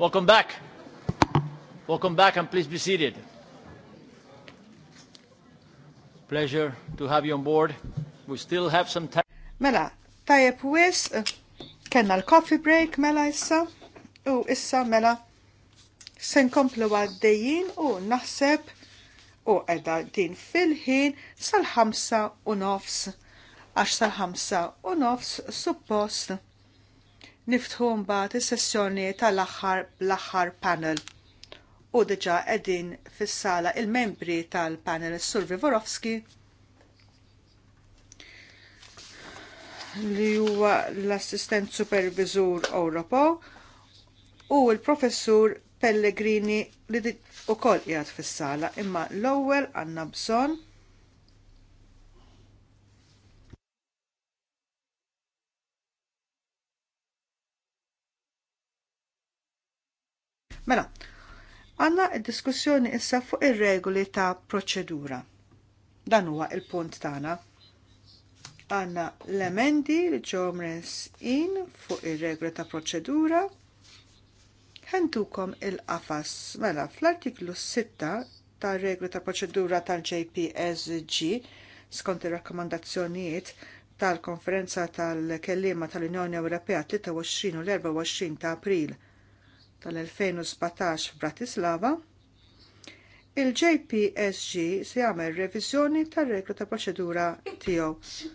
Welcome back. Welcome back and please be seated. Pleasure to have you on board. We still have some time. Mela, u is, kena l-coffee break mela issa, u issa mela sen komplu għaddejjin u naħseb u edha din fil-ħin sal-ħamsa u nofs, għax sal-ħamsa u nofs suppost niftħu mbagħad is-sessjoni tal-aħħar bl aħħar panel. U diġà qegħdin fis-sala il-membri tal-panel is-Sur Vivorovski li huwa l-assistent supervisur Ewropew u l-professur Pellegrini li ukoll qiegħed fis-sala imma l-ewwel għandna bżonn Mela, għanna diskussjoni issa fuq ir-regoli ta' proċedura. Dan huwa il-punt tagħna. Għanna l-emendi li ġomres in fuq ir-regoli ta' proċedura. Ħentukom il-qafas. Mela, fl-artiklu 6 ta' regli ta' proċedura tal-JPSG skont ir-rakkomandazzjonijiet tal-konferenza tal-kellima tal-Unjoni Ewropea 23 u l-24 ta' April tal-2017 f'Bratislava, il-JPSG se jagħmel reviżjoni tar-regla ta' proċedura tiegħu.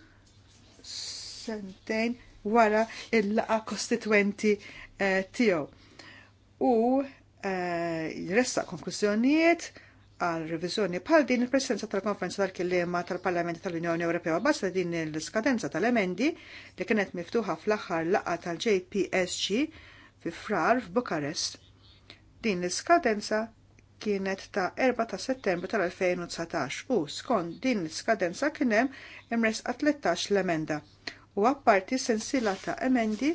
Sentejn wara il-laqa kostituenti eh, tiegħu. U jressa eh, konklużjonijiet għal reviżjoni bħal din il-presenza tal-konferenza tal-killema tal-Parlament tal-Unjoni Ewropea bazza din il-skadenza tal-emendi li kienet miftuħa fl-aħħar laqa tal-JPSG fi frar f'Bukarest. Din l-iskadenza kienet ta' 4 ta' settembru tal-2019 u skont din l-iskadenza kien hemm imres 13 l-emenda u għapparti sensila ta' emendi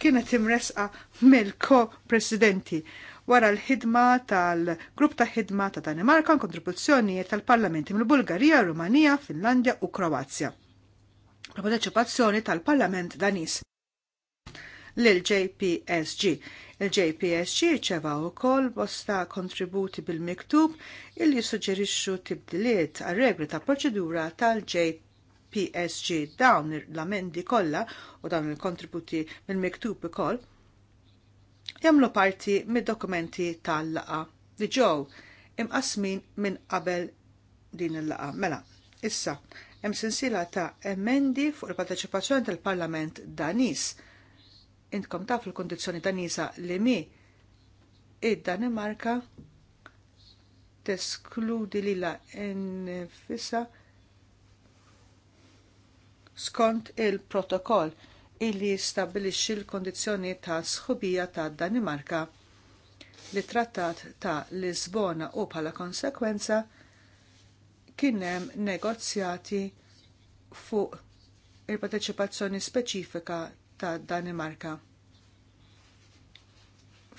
kienet imresqa mill-ko-presidenti wara l-ħidma tal-grupp ta' ħidma ta' Danimarka kontribuzzjonijiet tal-parlamenti mill-Bulgarija, Rumanija, Finlandja u Kroazja. L-parteċipazzjoni tal-Parlament Danis l-JPSG. Il-JPSG ċeva u kol bosta kontributi bil-miktub illi suġġerixxu tibdiliet għal regli ta' proċedura tal-JPSG dawn l-amendi kollha u dawn il-kontributi mill-miktub ikoll jamlu parti mid-dokumenti tal-laqa li ġew imqasmin minn qabel din il-laqa. Mela, issa hemm sensiela ta' emendi fuq il-parteċipazzjoni tal-Parlament Danis. Intkom taf il-kondizzjoni Danisa li mi id-Danimarka teskludi li la skont il-protokoll illi jistabilixxi l-kondizzjoni ta' sħubija ta' Danimarka li trattat ta' Lisbona u bħala konsekwenza kien hemm negozjati fuq il-parteċipazzjoni speċifika ta' Danimarka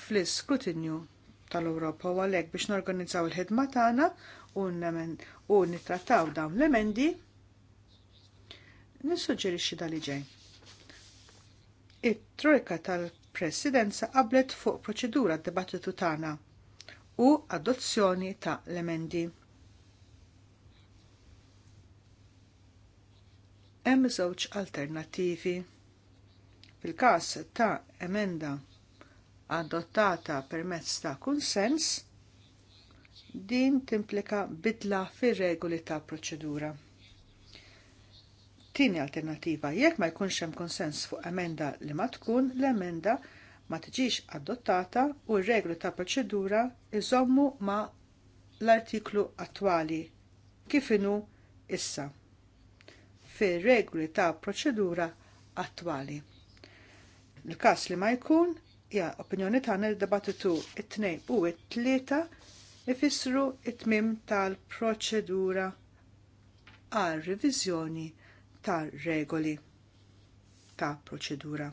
fl-iskrutinju tal-Ewropa u għalhekk biex norganizzaw il-ħidma tagħna u nittrattaw dawn l-emendi nissuġġerixxi li ġej it-trojka tal-presidenza qablet fuq proċedura d-dibattitu tagħna u adozzjoni ta' l-emendi. Hemm żewġ alternattivi. Fil-każ ta' emenda adottata permezz ta' kunsens, din timplika bidla fir-regoli ta' proċedura. Tini alternativa, jekk ma jkunx hemm konsens fuq emenda li ma tkun, l-emenda ma tiġix adottata u r-reglu ta' proċedura iżommu ma l-artiklu attwali kif inhu issa fir-regoli ta' proċedura attwali. Il-każ li ma jkun ja opinjoni tagħna li dibattitu it-tnejn u t-tlieta ifissru it-tmim tal-proċedura għal riviżjoni ta' regoli ta' proċedura.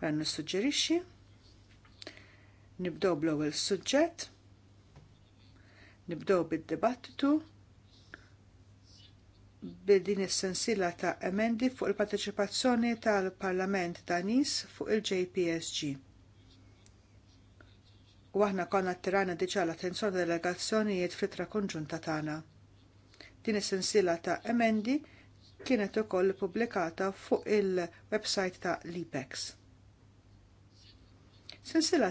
Għan nissuġġerixxi nibdow bl-ewwel suġġett, nibdow bid-dibattitu b'din is-sensiela ta' emendi fuq il-parteċipazzjoni tal-Parlament Danis fuq il-JPSG. U aħna konna t-Tirana diġà l-attenzjoni delegazzjonijiet fitra konġunta tagħna. Din is-sensiela ta' emendi kienet ukoll ippubblikata fuq il-website ta' l-IPEX.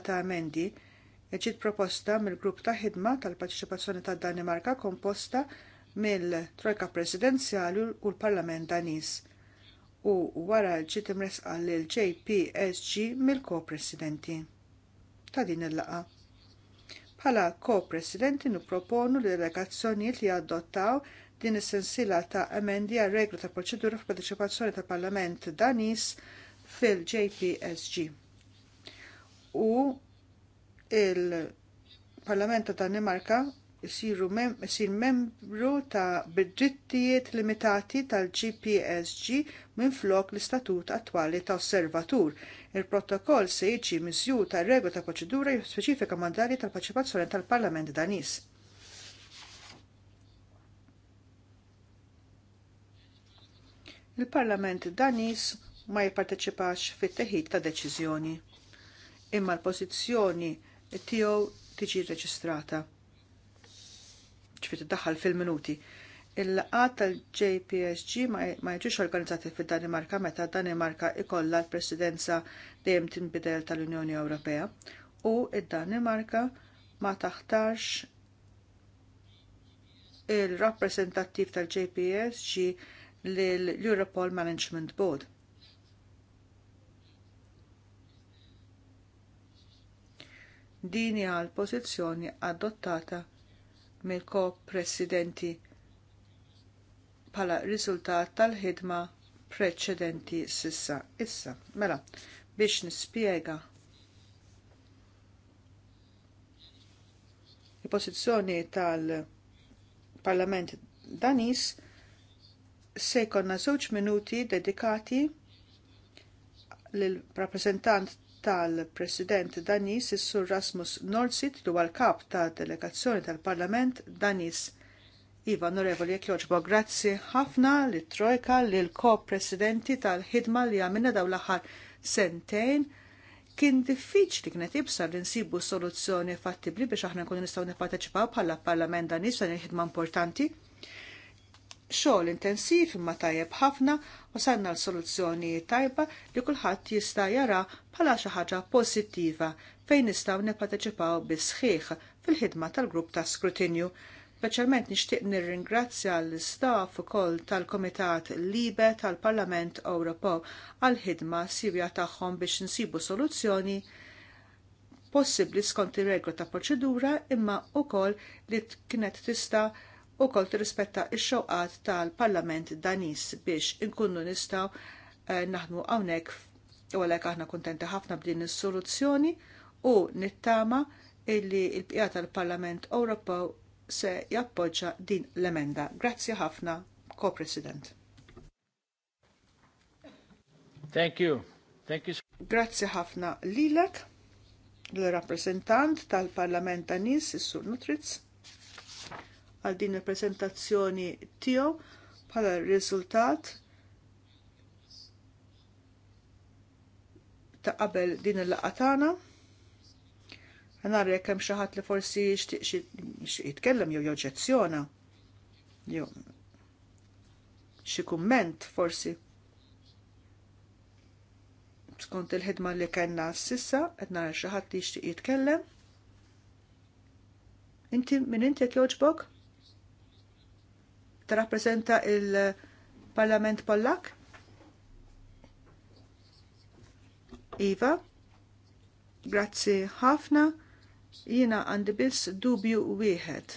ta' emendi ġiet proposta mill-grupp ta' ħidma tal parteċipazzjoni tad Danimarka komposta mill-Trojka Presidenzjali u l-Parlament Danis u wara ġiet imresqa lil JPSG mill-Ko-Presidenti ta' din il laqgħa Bħala ko-presidenti nipproponu li delegazzjonijiet li adottaw din is-sensila ta' emendi għal reglu ta' proċedura f'parteċipazzjoni ta' Parlament Danis fil-JPSG. U il-Parlament ta' Danimarka jisir mem membru ta' bidrittijiet limitati tal-GPSG minflok l-istatut attwali ta' osservatur. Il-protokoll se jiġi miżju ta' reglu ta' proċedura speċifika mandali tal paċipazzjoni tal-Parlament Danis il-Parlament Danis ma jipparteċipax fit-teħid ta' deċiżjoni. Imma l-pożizzjoni tiegħu tiġi reġistrata. Ċfit daħal fil-minuti. Il-laqat tal-JPSG ma jiġux organizzati fil-Danimarka meta Danimarka ikolla l-presidenza dejjem tinbidel tal-Unjoni Ewropea u id-Danimarka ma taħtarx il-rappresentattiv tal-JPSG l-Europol Management Board. Din hija l-pożizzjoni adottata mill-ko-presidenti bħala riżultat tal-ħidma preċedenti sissa issa. Mela, biex nispjega il-pożizzjoni tal-Parlament Danis se jkollna żewġ minuti dedikati lill-rappreżentant tal-President Danis is-Sur Rasmus Norsit dwar huwa l-kap tad delegazzjoni tal-Parlament Danis. Iva, onorevoli jekk joġbo, grazzi ħafna li trojka li l-ko-presidenti tal-ħidma li għamilna daw l-aħħar sentejn kien diffiċli kienet ibsar li nsibu soluzzjoni fattibli biex aħna nkunu nistgħu nipparteċipaw bħala parlament dan nisa ħidma importanti xogħol intensiv imma tajjeb ħafna u sanna l-soluzzjoni tajba li kulħadd jista' jara bħala xi ħaġa pożittiva fejn nistgħu nipparteċipaw bisħiħ fil-ħidma tal-grupp ta' skrutinju. Speċjalment nixtieq nirringrazzja l-istaff ukoll tal-Komitat Libe tal-Parlament Ewropew għall-ħidma sirja tagħhom biex insibu soluzzjoni possibbli skont ir-regla ta' proċedura imma wkoll li kienet tista' u kol tirrispetta x-xoqat tal-Parlament Danis biex inkunu nistaw eh, naħdmu hawnhekk u għalhekk aħna kuntenti ħafna b'din is-soluzzjoni u nittama illi l-bqija tal-Parlament Ewropew se jappoġġa din l-emenda. Grazzi ħafna, Co-President. Thank you. Thank you. Grazzi ħafna lilek, l-rappresentant tal-Parlament Danis, is-Sur Nutritz għal din il-prezentazzjoni tiegħu bħala riżultat ta' qabel din il-laqgħa tagħna. Għanar jekk hemm xi ħadd li forsi jitkellem jew joġġezzjona. Jew xi kumment forsi. Skont il-ħidma li kellna s'issa qed nara xi ħadd jixtieq jitkellem. Inti min inti qed joġbok? tarrapprezenta il-Parlament Pollak? Iva, grazzi ħafna, jina għandi biss dubju wieħed.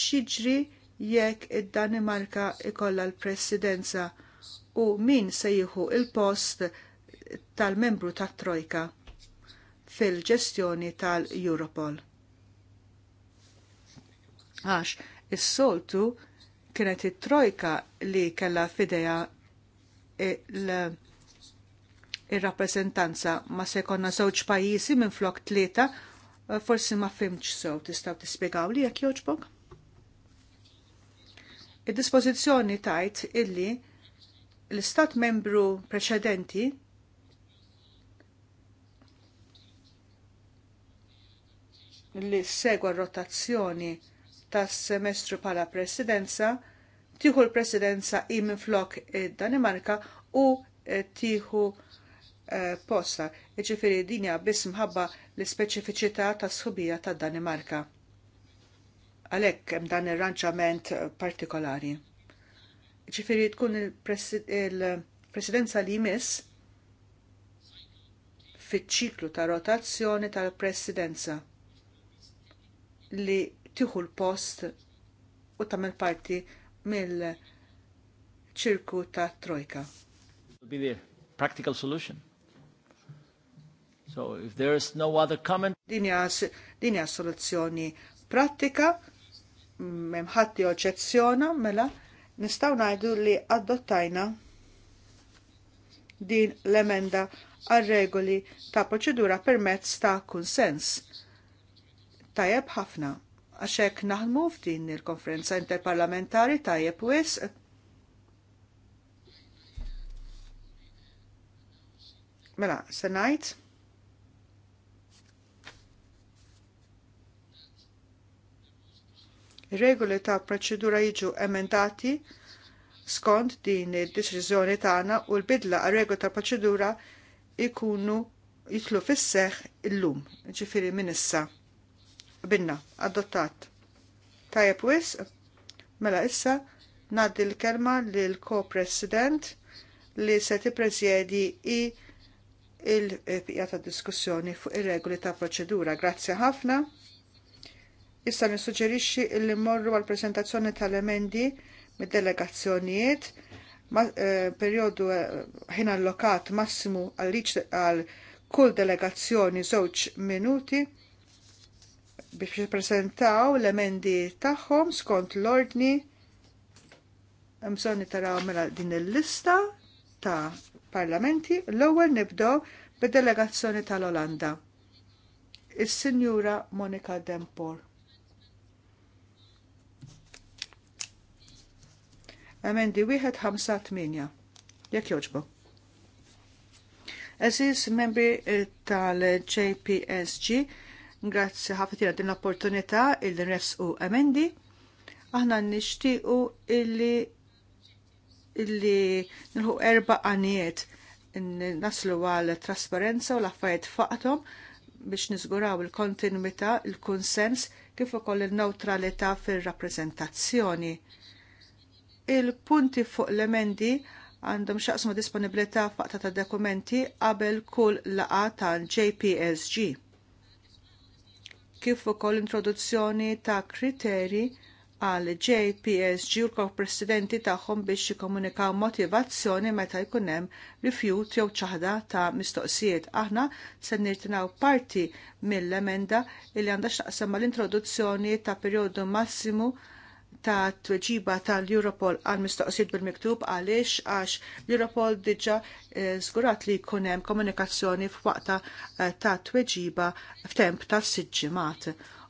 Xiġri jekk id-Danimarka ikolla l-presidenza u min se jieħu il-post tal-membru tat trojka fil-ġestjoni tal-Europol. Għax, is-soltu kienet it-trojka li kella fideja il-rappresentanza ma se konna żewġ pajjiżi minn flok tlieta eh, forsi ma fimx sew tistgħu tispjegaw li jekk jogħġbok? Id-dispożizzjoni tajt illi l-istat membru preċedenti li segwa rotazzjoni tas-semestru bħala presidenza, tieħu l-presidenza im flok id-Danimarka u eh, tieħu eh, posta. Ġifiri dinja biss mħabba l-speċifiċità tas-sħubija tad-Danimarka. Għalhekk hemm dan ir-ranġament partikolari. Ġifiri tkun il-presidenza li jmiss fiċ-ċiklu ta' rotazzjoni tal-presidenza li tiħu l-post u tagħmel parti mill-ċirku ta' trojka. Be the practical solution. So if there is no other comment. Dinja soluzzjoni pratika, memħatti oċezzjona, mela, nistaw najdu li adottajna din l-emenda għal regoli ta' proċedura permezz ta' konsens. Tajab ħafna għaxek naħdmu f'din il-konferenza interparlamentari tajjeb wis. Mela, se ngħid. regoli ta' proċedura jiġu emendati skont din id-deċiżjoni tagħna u l-bidla għal regoli ta' proċedura ikunu jitlu fis-seħħ illum, ġifieri minn issa binna, adottat. Tajab wis, mela issa naddi l-kelma l ko-president li se tippreżjedi i il pijata ta' diskussjoni fuq ir-regoli ta' proċedura. Grazzi ħafna. Issa nissuġġerixxi li morru għal prezentazzjoni tal-emendi mid-delegazzjonijiet eh, perjodu eh, ħin allokat massimu għal kull delegazzjoni żewġ minuti biex jippresentaw l-emendi tagħhom skont l-ordni mżonni taraw mela din il-lista ta' parlamenti l-ewwel nibdew bid-delegazzjoni tal-Olanda. Is-Sinjura Monika Dempor. Emendi wieħed ħamsa tminja. Jekk joġbu. Aziz membri eh, tal-JPSG Grazzi ħafna din l-opportunità il nresqu emendi. Aħna nixtiequ illi illi nilħu erba għaniet naslu għal trasparenza u l-affarijiet faqtom biex nizguraw il-kontinuità, il-konsens kif ukoll il-neutralità fir-rappreżentazzjoni. Il-punti fuq l-emendi għandhom xaqsmu disponibilità faqta ta' dokumenti qabel kull laqa ta' JPSG kif ukoll introduzzjoni ta' kriteri għal JPSG u l-presidenti tagħhom biex jikkomunikaw motivazzjoni meta jkun hemm rifjut jew ċaħda ta' mistoqsijiet. Aħna se nirtinaw parti mill-emenda li għandha x'taqsam mal-introduzzjoni ta' perjodu massimu ta' tweġiba tal-Europol għal mistoqsijiet bil-miktub għaliex għax l-Europol diġa eh, żgurat li jkun hemm komunikazzjoni f'waqta eh, ta' tweġiba f'temp ta' siġġimat.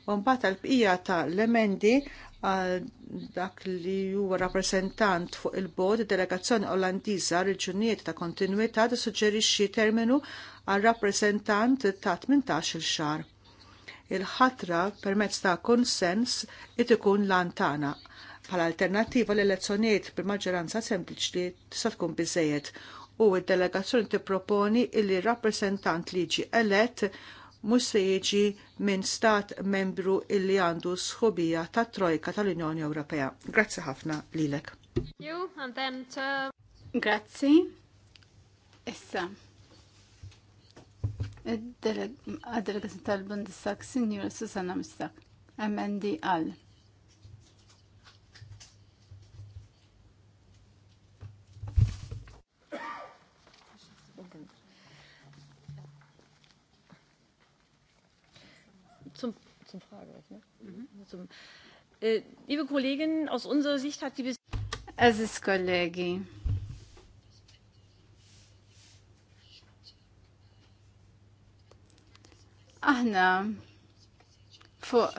Mbagħad tal-bqija ta' l-emendi għal eh, dak li huwa rappresentant fuq il-bod delegazzjoni Olandiża reġunijiet ta' kontinuità suġġerixxi terminu għal rappresentant ta' 18-il xahar il-ħatra permezz ta' konsens it ikun lantana. Bħala alternativa l-elezzjonijiet bil-maġġoranza sempliċi tista' tkun biżejjed u d-delegazzjoni tipproponi illi rappresentant li jiġi elett mhux se jiġi minn stat membru illi għandu sħubija tat trojka tal-Unjoni Ewropea. Grazzi ħafna lilek. Uh, Grazzi. Issa. Għad-delegazzjoni tal-Bundestag Sinjura Susanna Mistak, MND għal. Mhm. Äh, liebe Kolleginnen, aus unserer Sicht hat die bis... Es ist Kollegi. Aħna fuq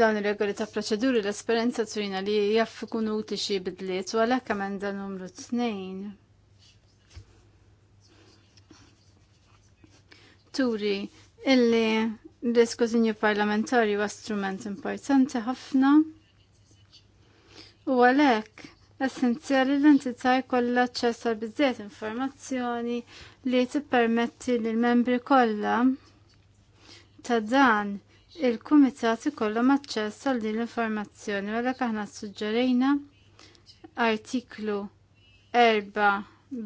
dan ir-regoli ta' proċeduri l-esperjenza tujna li jaff kun uti xi bidliet u għalhekk hemm dan numru tnejn. Turi illi l-diskużinju parlamentari huwa strument importanti ħafna u għalhekk essenzjali l entitaj jkollha aċċess għal biżżejjed informazzjoni li tippermetti lil membri kollha ta' dan il-kumitat ikollhom aċċess għal din l-informazzjoni għalhekk aħna suġġerejna artiklu 4 b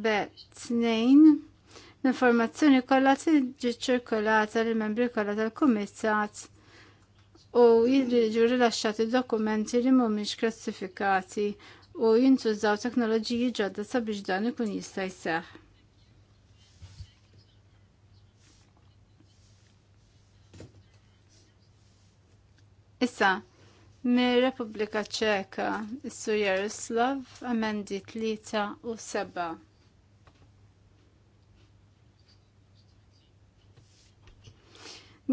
2 l-informazzjoni kollha tiġi ċirkolata lill membri kollha tal-kumitat u jiġu rilaxxati dokumenti li mhumiex klassifikati u jintużaw teknoloġiji ġodda sabiex dan ikun jista' jseħħ. Issa, mir Repubblika Ċeka, issu Jaroslav, amendi 3 u 7.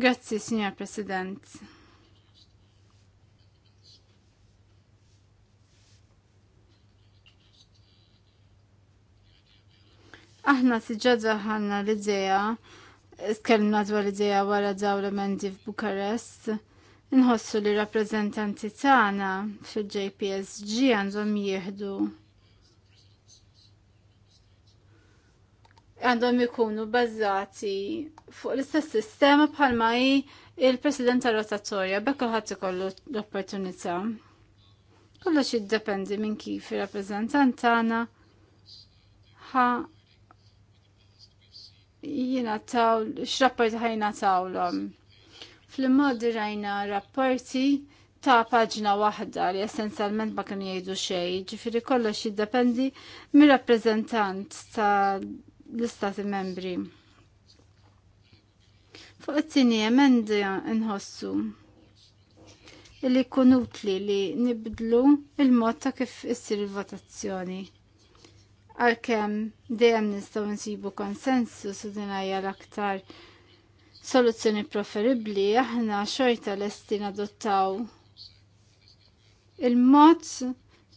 Grazzi, Signor President. Aħna tiġġadra ħanna l-idea, tkellimna dwar l-idea wara daw l-emendi f'Bukarest, nħossu li rappreżentanti tagħna fil-JPSG għandhom jieħdu għandhom ikunu bazzati fuq l-istess sistema bħalma il-president tal-rotatorja bekk ħadd ikollu l-opportunità. Kollox jiddependi minn kif ir-rappreżentant tagħna ħa jina taw, x rapporti ħajna tawlom. fl mod rajna rapporti ta' paġna wahda li essenzjalment ma kien jgħidu xejn, ġifiri kollox jiddependi mir-rappreżentant ta' l-istati membri. Fuq it-tieni emendi nħossu li kun utli li nibdlu il-mod ta' kif issir il-votazzjoni għalkemm dejjem nistgħu nsibu konsensus u din hija l-aktar soluzzjoni preferibbli aħna xorta lesti nadottaw il-mod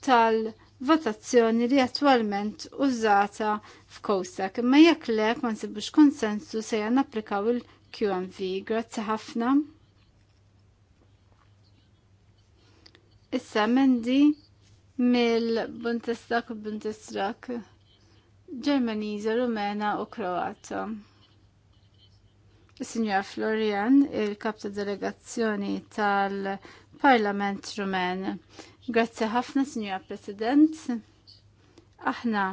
tal-votazzjoni li attualment użata f'Kowsak. Imma jekk lek ma nsibux konsensu se applikaw il-QMV. Grazzi ħafna. Issa mendi mill-Bundestag u Bundestag Ġermaniża, Rumena u Kroata. Signora Florian, il-kap ta' delegazzjoni tal-Parlament Rumen. Grazzi ħafna, Signora President. Aħna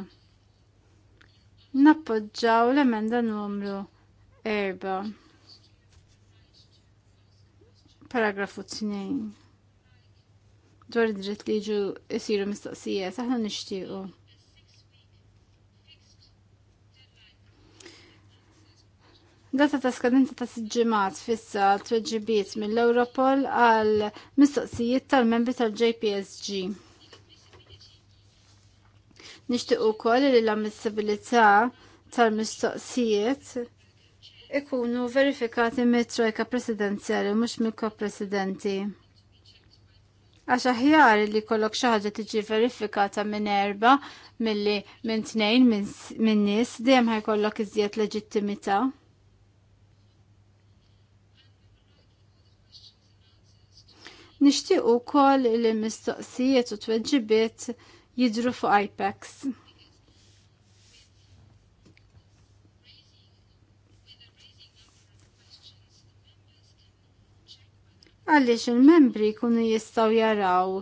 nappoġġaw l-emenda numru 4. Paragrafu 2 dwar id-dritt li ġu jisiru mistaqsija, saħna nishtiqo. Data ta' skadenza ta' siġġimat fissa tweġibiet mill-Europol għal mistoqsijiet tal-membri tal-JPSG. u kol li l-ammissibilità tal-mistoqsijiet ikunu verifikati mit-trojka presidenziali, mux mill-ko-presidenti. presidenti Għax aħjar li kollok xaħġa tiġi verifikata minn erba, milli minn tnejn, minn nis, dejjem ħajkollok iżjed leġittimità. Nixtieq ukoll li mistoqsijiet u tweġibiet jidru fuq IPEX. għaliex il-membri kunu jistaw jaraw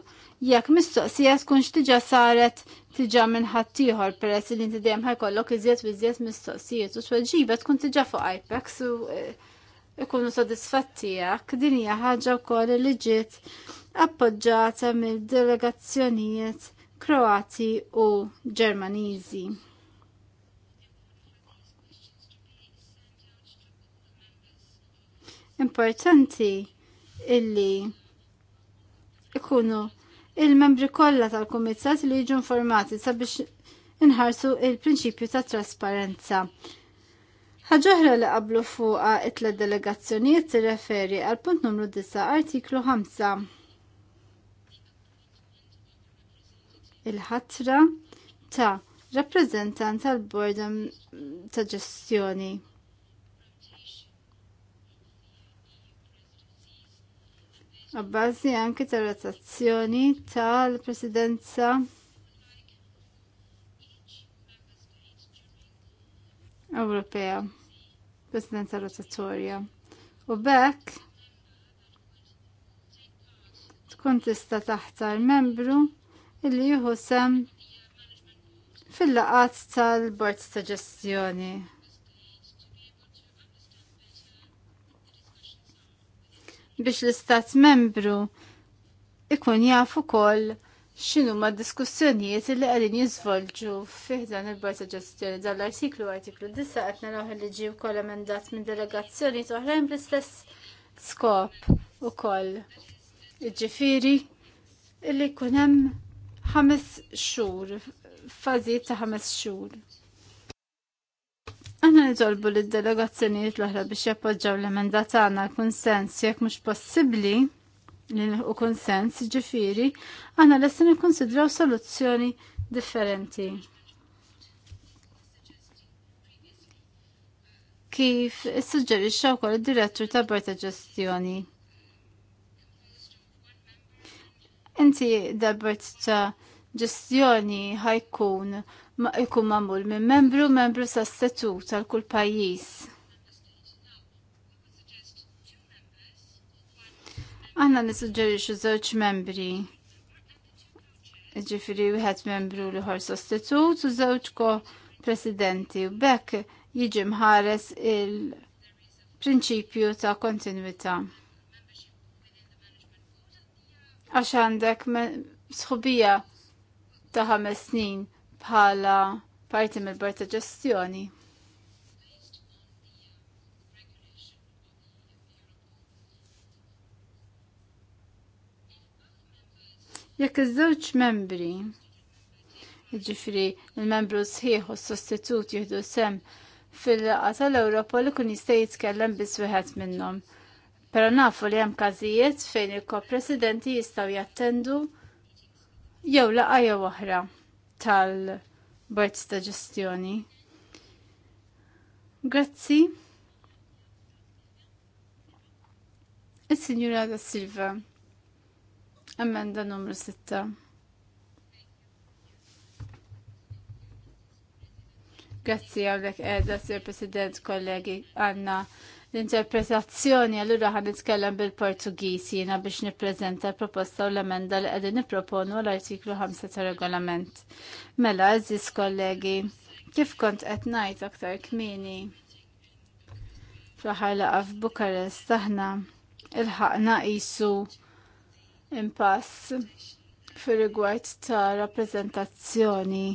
jekk mistoqsija tkunx tiġa saret tiġa minn ħaddieħor peress li inti dejjem ħajkollok iżjed u iżjed mistoqsijiet u tweġiba tkun tiġa fuq IPEX u e, ikunu sodisfatti jak din hija ħaġa wkoll li ġiet appoġġata mid delegazzjonijiet Kroati u Ġermaniżi. Importanti illi ikunu il-membri kollha tal kumitzat li jiġu informati sabiex inħarsu il-prinċipju ta' trasparenza. Ħaġoħra li qablu fuqa it-tlet delegazzjonijiet tirreferi għal punt numru 9 artiklu 5. Il-ħatra ta' rappreżentant tal-bord ta' ġestjoni. Ta Għabbazi anke ta' rotazzjoni tal-presidenza Ewropea, presidenza rotatorja. U bekk tkun tista' taħtar membru illi jieħu sem fil-laqat tal-bord ta' ġestjoni. biex l-istat membru ikun jafu kol xinu ma diskussjonijiet li għalin jizvolġu fiħdan il bajta ġestjoni. Ġestjoni dal-artiklu artiklu 9 l naraw li ġie wkoll emendat minn delegazzjoni oħrajn bl-istess skop ukoll. Ġifiri illi jkun hemm ħames xhur, fażijiet ta' ħames xhur. Aħna nitolbu li d-delegazzjonijiet l-oħra biex jappoġġaw l-emenda tagħna għall kunsens jekk mhux possibbli li u kunsens ġifiri, għana l-essin soluzzjoni differenti. Kif issuġġerixxa wkoll id-direttur ta' Borta Ġestjoni. Inti da Bord ta' Ġestjoni ħajkun ma jkun mamul minn membru membru sa' setu tal-kull pajjiż. Għanna xo żewġ membri. Ġifiri wieħed membru li ħor sostitut u żewġ ko presidenti u bekk jiġi mħares il-prinċipju ta' kontinuità. Għax għandek sħubija ta' ħames snin bħala parti mill-bord ta' ġestjoni. Jekk iż-żewġ membri, jiġifieri il-membru sħiħ u s-sostitut jieħdu sem fil-laqa tal-Ewropa li kun jista' jitkellem biss wieħed minnhom. Però nafu li hemm każijiet fejn il-ko-presidenti jistgħu jattendu jew laqgħa jew oħra tal-Bord ta' Ġestjoni. Grazzi. il signora da Silva, ammenda numru 6. Grazzi għawlek edha, eh, Sir President, kollegi, Anna l-interpretazzjoni allura ħan nitkellem bil portugis jina biex nippreżenta l-proposta u l-emenda li qegħdin nipproponu l-artiklu 5 ta' regolament. Mela, eżis kollegi, kif kont qed ngħid aktar kmini fl-aħħar laqa f'Bukarest aħna ilħaqna qisu impass fir rigward ta' rappreżentazzjoni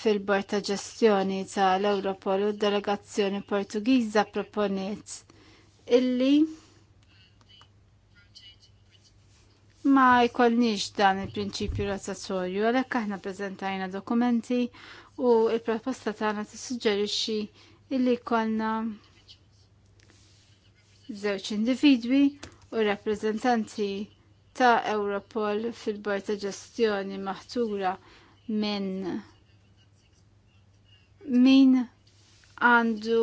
fil-bord ta' ġestjoni tal-Europol u d-delegazzjoni Portugiża proponiet illi ma jkollniex dan il-prinċipju rotatorju għalhekk aħna preżentajna dokumenti u il-proposta tagħna tissuġġerixxi illi jkollna żewġ individwi u rappreżentanti ta' Europol fil-bord ta' ġestjoni maħtura minn min għandu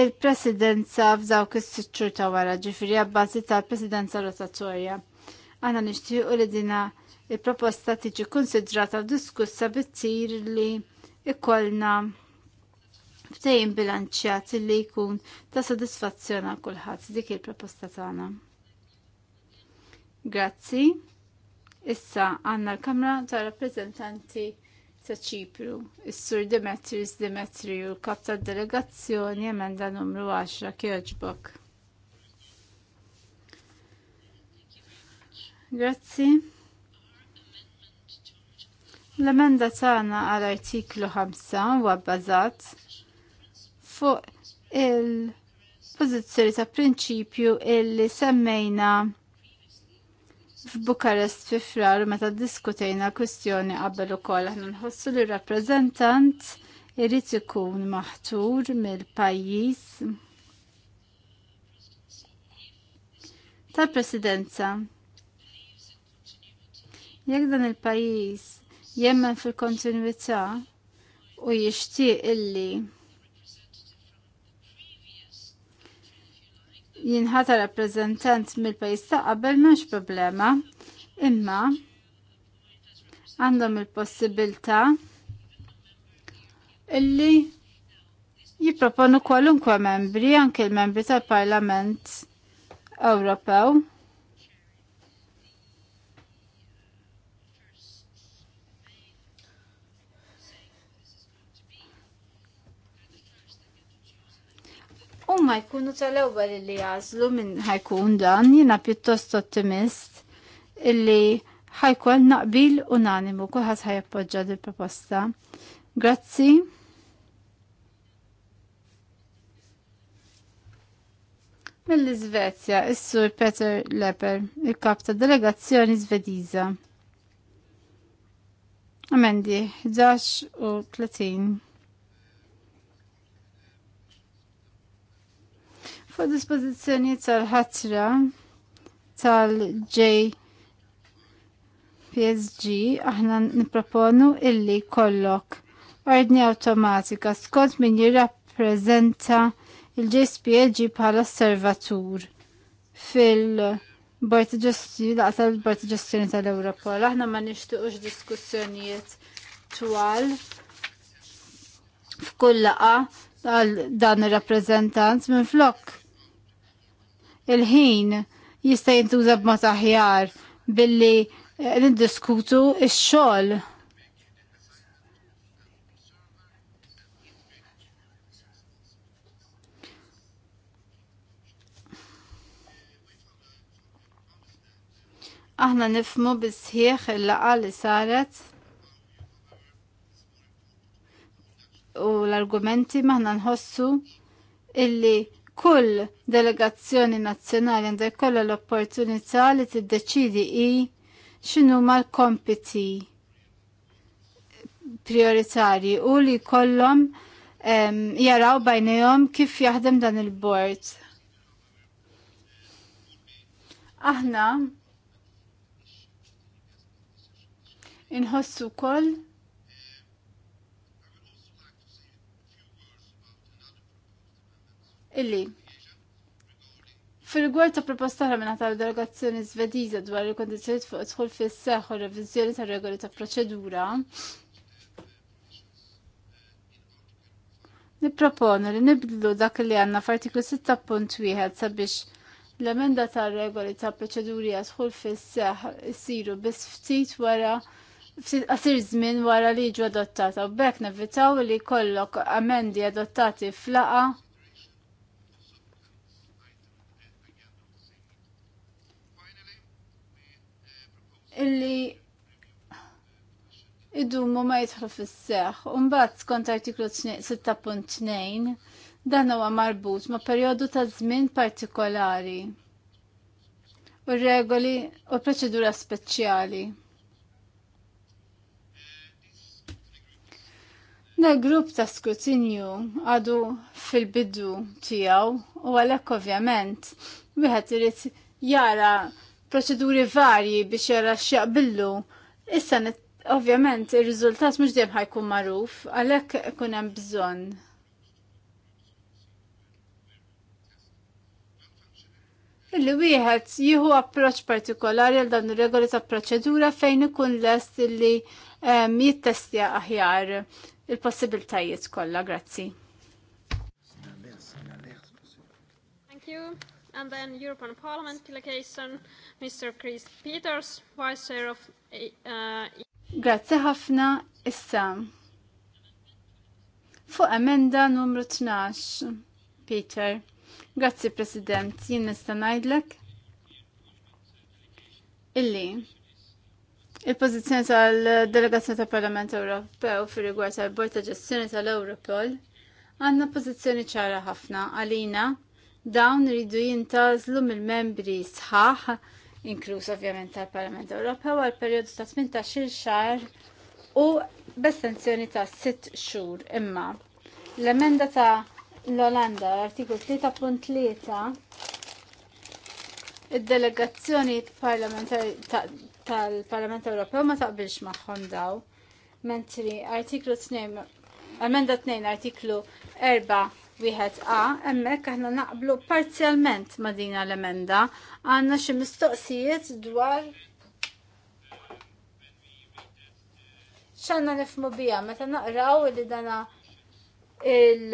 il-presidenza f'dawk is sittur ta' wara ġifieri abbażi tal-presidenza rotatorja. Aħna nixtiequ li dina il-proposta tiġi konsidrata u diskussa bittir li ikollna ftejn bilanċjat li jkun ta' sodisfazzjon għal kulħadd dik il-proposta tagħna. Grazzi. Issa għanna l-Kamra ta' Rappresentanti ta' ċipru. Is-Sur Demetrius Demetriu, u kap ta' delegazzjoni emenda numru 10 kjoġbok. Grazzi. L-emenda tagħna għall artiklu 5 huwa bbażat fuq il-pożizzjoni ta' prinċipju illi semmejna f'Bukarest fi frar meta diskutejna kwistjoni qabel ukoll aħna nħossu li rappreżentant irid ikun maħtur mill-pajjiż tal-Presidenza. Jekk dan il-pajjiż jemmen fil-kontinwità u jixtieq illi jinħata rappresentant mill-pajis ta' qabel mhux problema, imma għandhom il-possibilità illi jipproponu kwalunkwe membri, anke l-membri tal-Parlament Ewropew. Ma jkunu tal-ewwel li jażlu minn ħajkun dan jiena pjuttost ottimist illi ħajkun naqbil unanimu kulħadd ħajappoġġa din proposta. Grazzi. Mill-Iżvezja, is-Sur Peter Leper, il-kap ta' delegazzjoni Svediża. Amendi, 11 u 30. Fuq dispożizzjoni tal-ħatra tal jpsg aħna niproponu illi kollok ordni awtomatika skont min jirrappreżenta il jpsg bħala servatur fil- Bart ġestjoni, laqta l-Bart ġestjoni tal ewropol aħna ma nishtuqx diskussjonijiet twal f'kull laqa għal dan ir rappreżentant minn flok il-ħin jista' jintuża b'mata aħjar billi eh, niddiskutu x-xogħol. Aħna nifmu bisħieħ il-laqa li saret u l-argumenti maħna nħossu illi Kull delegazzjoni nazzjonali għandha jkollha l-opportunità li tiddeċidi i x'inhu mal-kompiti prioritari u li kollhom jaraw bajnejhom kif jaħdem dan il-bord. Aħna inħossu koll illi Fil-gwar ta' proposta ħra minna tal delegazzjoni svediza dwar il-kondizjoniet fuq it-tħul fis seħħ u revizjoni ta' regoli ta' proċedura, Nipproponu li nibdlu dak li għanna f'artiklu 6.1 sabiex l-emenda ta' regoli ta' proċeduri għasħul fis seħħ isiru biss ftit wara ftit qasir żmien wara li ġu adottata u bekk nevitaw li kollok amendi adottati flaqa' illi idumu ma jidħlu fis-seħ. Umbagħad skont artiklu 6.2 dan huwa marbut ma' perjodu ta' żmien partikolari u regoli u proċedura speċjali. Da grupp ta' skrutinju għadu fil-bidu tiegħu u għalhekk ovvjament wieħed irid jara proċeduri varji biex jara x'jaqbillu. Issa ovvjament ir-riżultat mhux dejjem ħajkun magħruf, għalhekk ikun hemm bżonn. Illi wieħed jieħu approċċ partikolari għal dan ir-regoli ta' proċedura fejn ikun lest illi um, jittestja aħjar il-possibiltajiet kollha. Grazzi. Thank you. And then European Parliament delegation, Mr. Chris Peters, Vice Chair of... Uh, Grazie ħafna issa. Fuq emenda numru 12, Peter. Grazie President, jien nista' ngħidlek illi il-pożizzjoni tal-Delegazzjoni tal-Parlament Ewropew fir rigward tal-Bord ta' Ġestjoni tal-Europol għandna pożizzjoni ċara ħafna għalina dawn ridu jintazlu mill-membri sħaħ, inkluż ovvjament tal-Parlament Ewropew għal perjodu ta' 18 xahar u b'estensjoni ta' 6 xhur imma. L-emenda ta' l-Olanda, l-artiklu 3.3 id-delegazzjoni tal-Parlament Ewropew ma taqbilx magħhom daw, mentri artiklu 2, emenda 2 artiklu 4 wieħed A, hemmhekk aħna naqblu parzjalment ma' din l-emenda għandna xi mistoqsijiet dwar x'għandna nifmu biha meta naqraw li dana il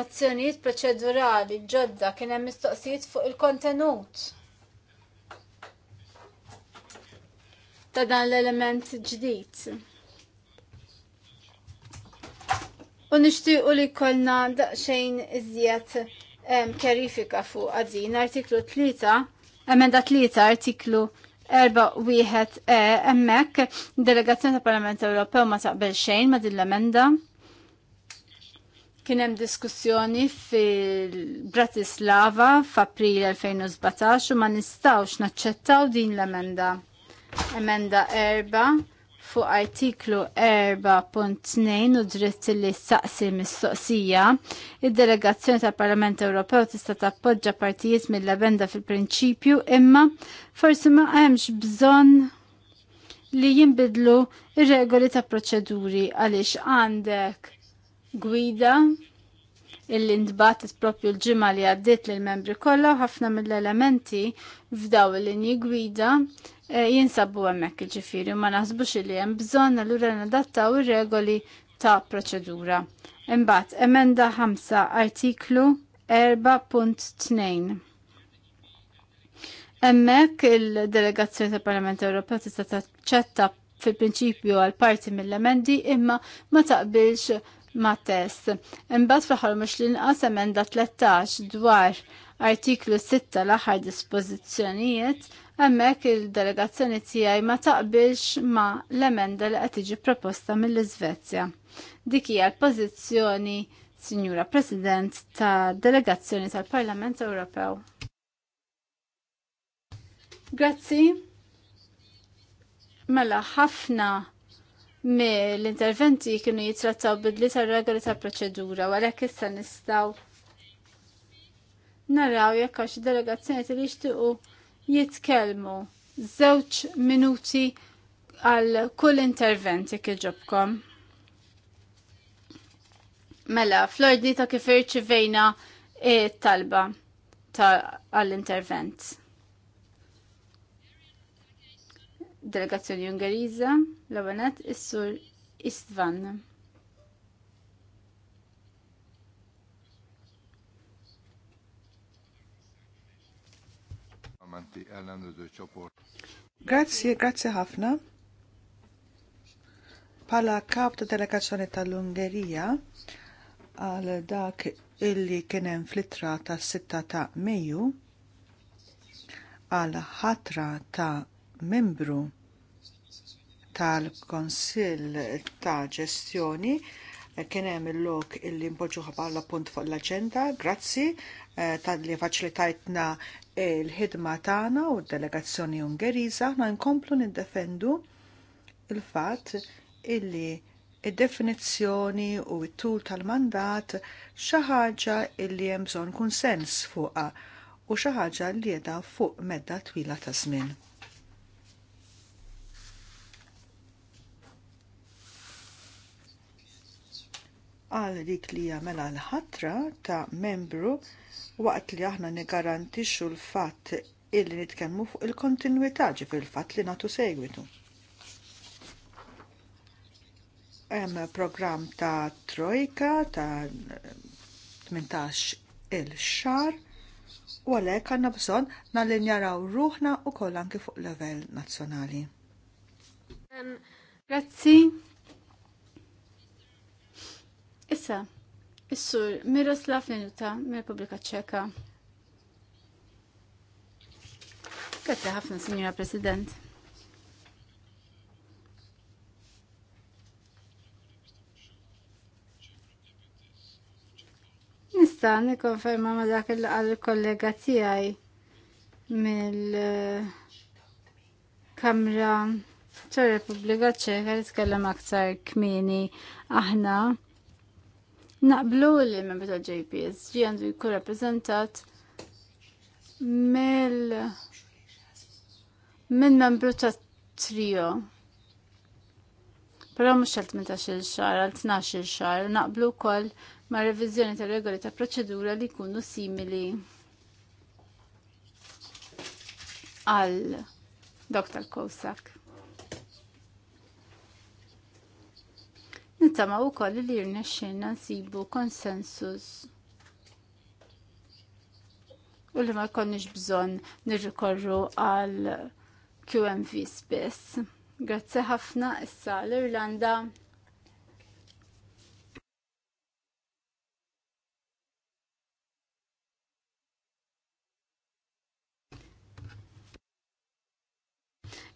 mozzjonijiet proċedurali ġodda kien hemm mistoqsijiet fuq il-kontenut. Ta' dan l-element ġdid. u nixtiequ li kollna daqsxejn iżjed kerifika fu għadin artiklu 3, emenda 3 artiklu erba wieħed e, emmek, delegazzjoni ta' Parlament Ewropew ma taqbel xejn ma din l-emenda. Kien hemm diskussjoni fil-Bratislava f'April 2017 u ma nistgħux naċċettaw din l-emenda. Emenda erba' fuq artiklu 4.2 u dritt li saqsi mistoqsija, id-delegazzjoni tal-Parlament Ewropew tista' tappoġġa partijiet mill lavenda fil-prinċipju imma forsi ma hemmx bżonn li jinbidlu ir-regoli ta' proċeduri għaliex għandek gwida illi ndbatet propju l-ġimma li għaddit lill membri kollha u ħafna mill-elementi f'daw l-linji gwida Eh, jinsabu hemmhekk ġifiri, ma naħsbux li hemm bżonn allura nadattaw ir-regoli ta' proċedura. Imbagħad emenda 5 artiklu 4.2. Hemmhekk il-delegazzjoni tal Parlament Ewropew tista' taċċetta fil-prinċipju għal parti mill-emendi imma ma taqbilx ma' test. Imbagħad fl-aħħar mhux l-inqas emenda 13 dwar artiklu 6 l-aħħar dispożizzjonijiet, hemmhekk il-delegazzjoni tiegħi ma taqbilx ma l-emenda li qed tiġi proposta mill-Iżvezja. Dik hija l-pożizzjoni, Sinjura President, ta' delegazzjoni tal-Parlament Ewropew. Grazzi. Mela ħafna mill-interventi kienu jitrattaw bidli tal regoli tal proċedura, għalhekk issa nistgħu naraw jekk għax delegazzjoni li jixtiequ jitkellmu żewġ minuti għal kull intervent jekk iġobkom. Mela, flordi ta' kif irċivejna talba għall-intervent. Delegazzjoni Ungeriża, l-għanet, is-sur Istvan. parlamenti ellenőrző csoport. Grazie, grazie ħafna. Pala kap ta' delegazzjoni tal-Ungerija għal dak illi kienem flittra ta' 6 ta' Mejju għal ħatra ta' membru tal konsil ta' ġestjoni kien hemm il-lok illi mpoġġuha bħala punt fuq l-aġenda. Grazzi eh, tal-li faċilitajtna il-ħidma tagħna u d-delegazzjoni Ungeriża aħna nkomplu niddefendu il-fatt illi id-definizzjoni u t-tul tal-mandat xi ħaġa illi hemm bżonn kunsens fuqha u xi ħaġa li jeda fuq medda twila ta' żmien. Għal dik li jagħmel l-ħatra ta' membru waqt li aħna nigarantixxu l-fatt illi nitkellmu fuq il-kontinwità ġifir il-fatt li nagħtu segwitu. Hemm programm ta' trojka ta' 18 il-xar u għalhekk għandna bżonn nallinjaraw ruħna wkoll anke fuq level nazzjonali. Grazzi. Issa, Is-sur Miroslav Lenuta mir-Repubblika Ċeka. Grazie ħafna, Signora President. Nista' nikkonferma ma dak il qal kollega tiegħi mill-Kamra tar-Repubblika Ċeka li tkellem aktar kmieni aħna Naqblu li membri tal-JPSG għandu jkun rappresentat mill minn membru ta' trio. Però mhux għal 18-il xahar, għal 12-il xahar, naqblu wkoll ma' reviżjoni tar regoli ta' proċedura li jkunu simili għal dr. kowsak Nittama u koll li rnexxinna nsibu konsensus u li ma konniex bżon nirrikorru għal QMV spess. Grazzi ħafna issa l-Irlanda.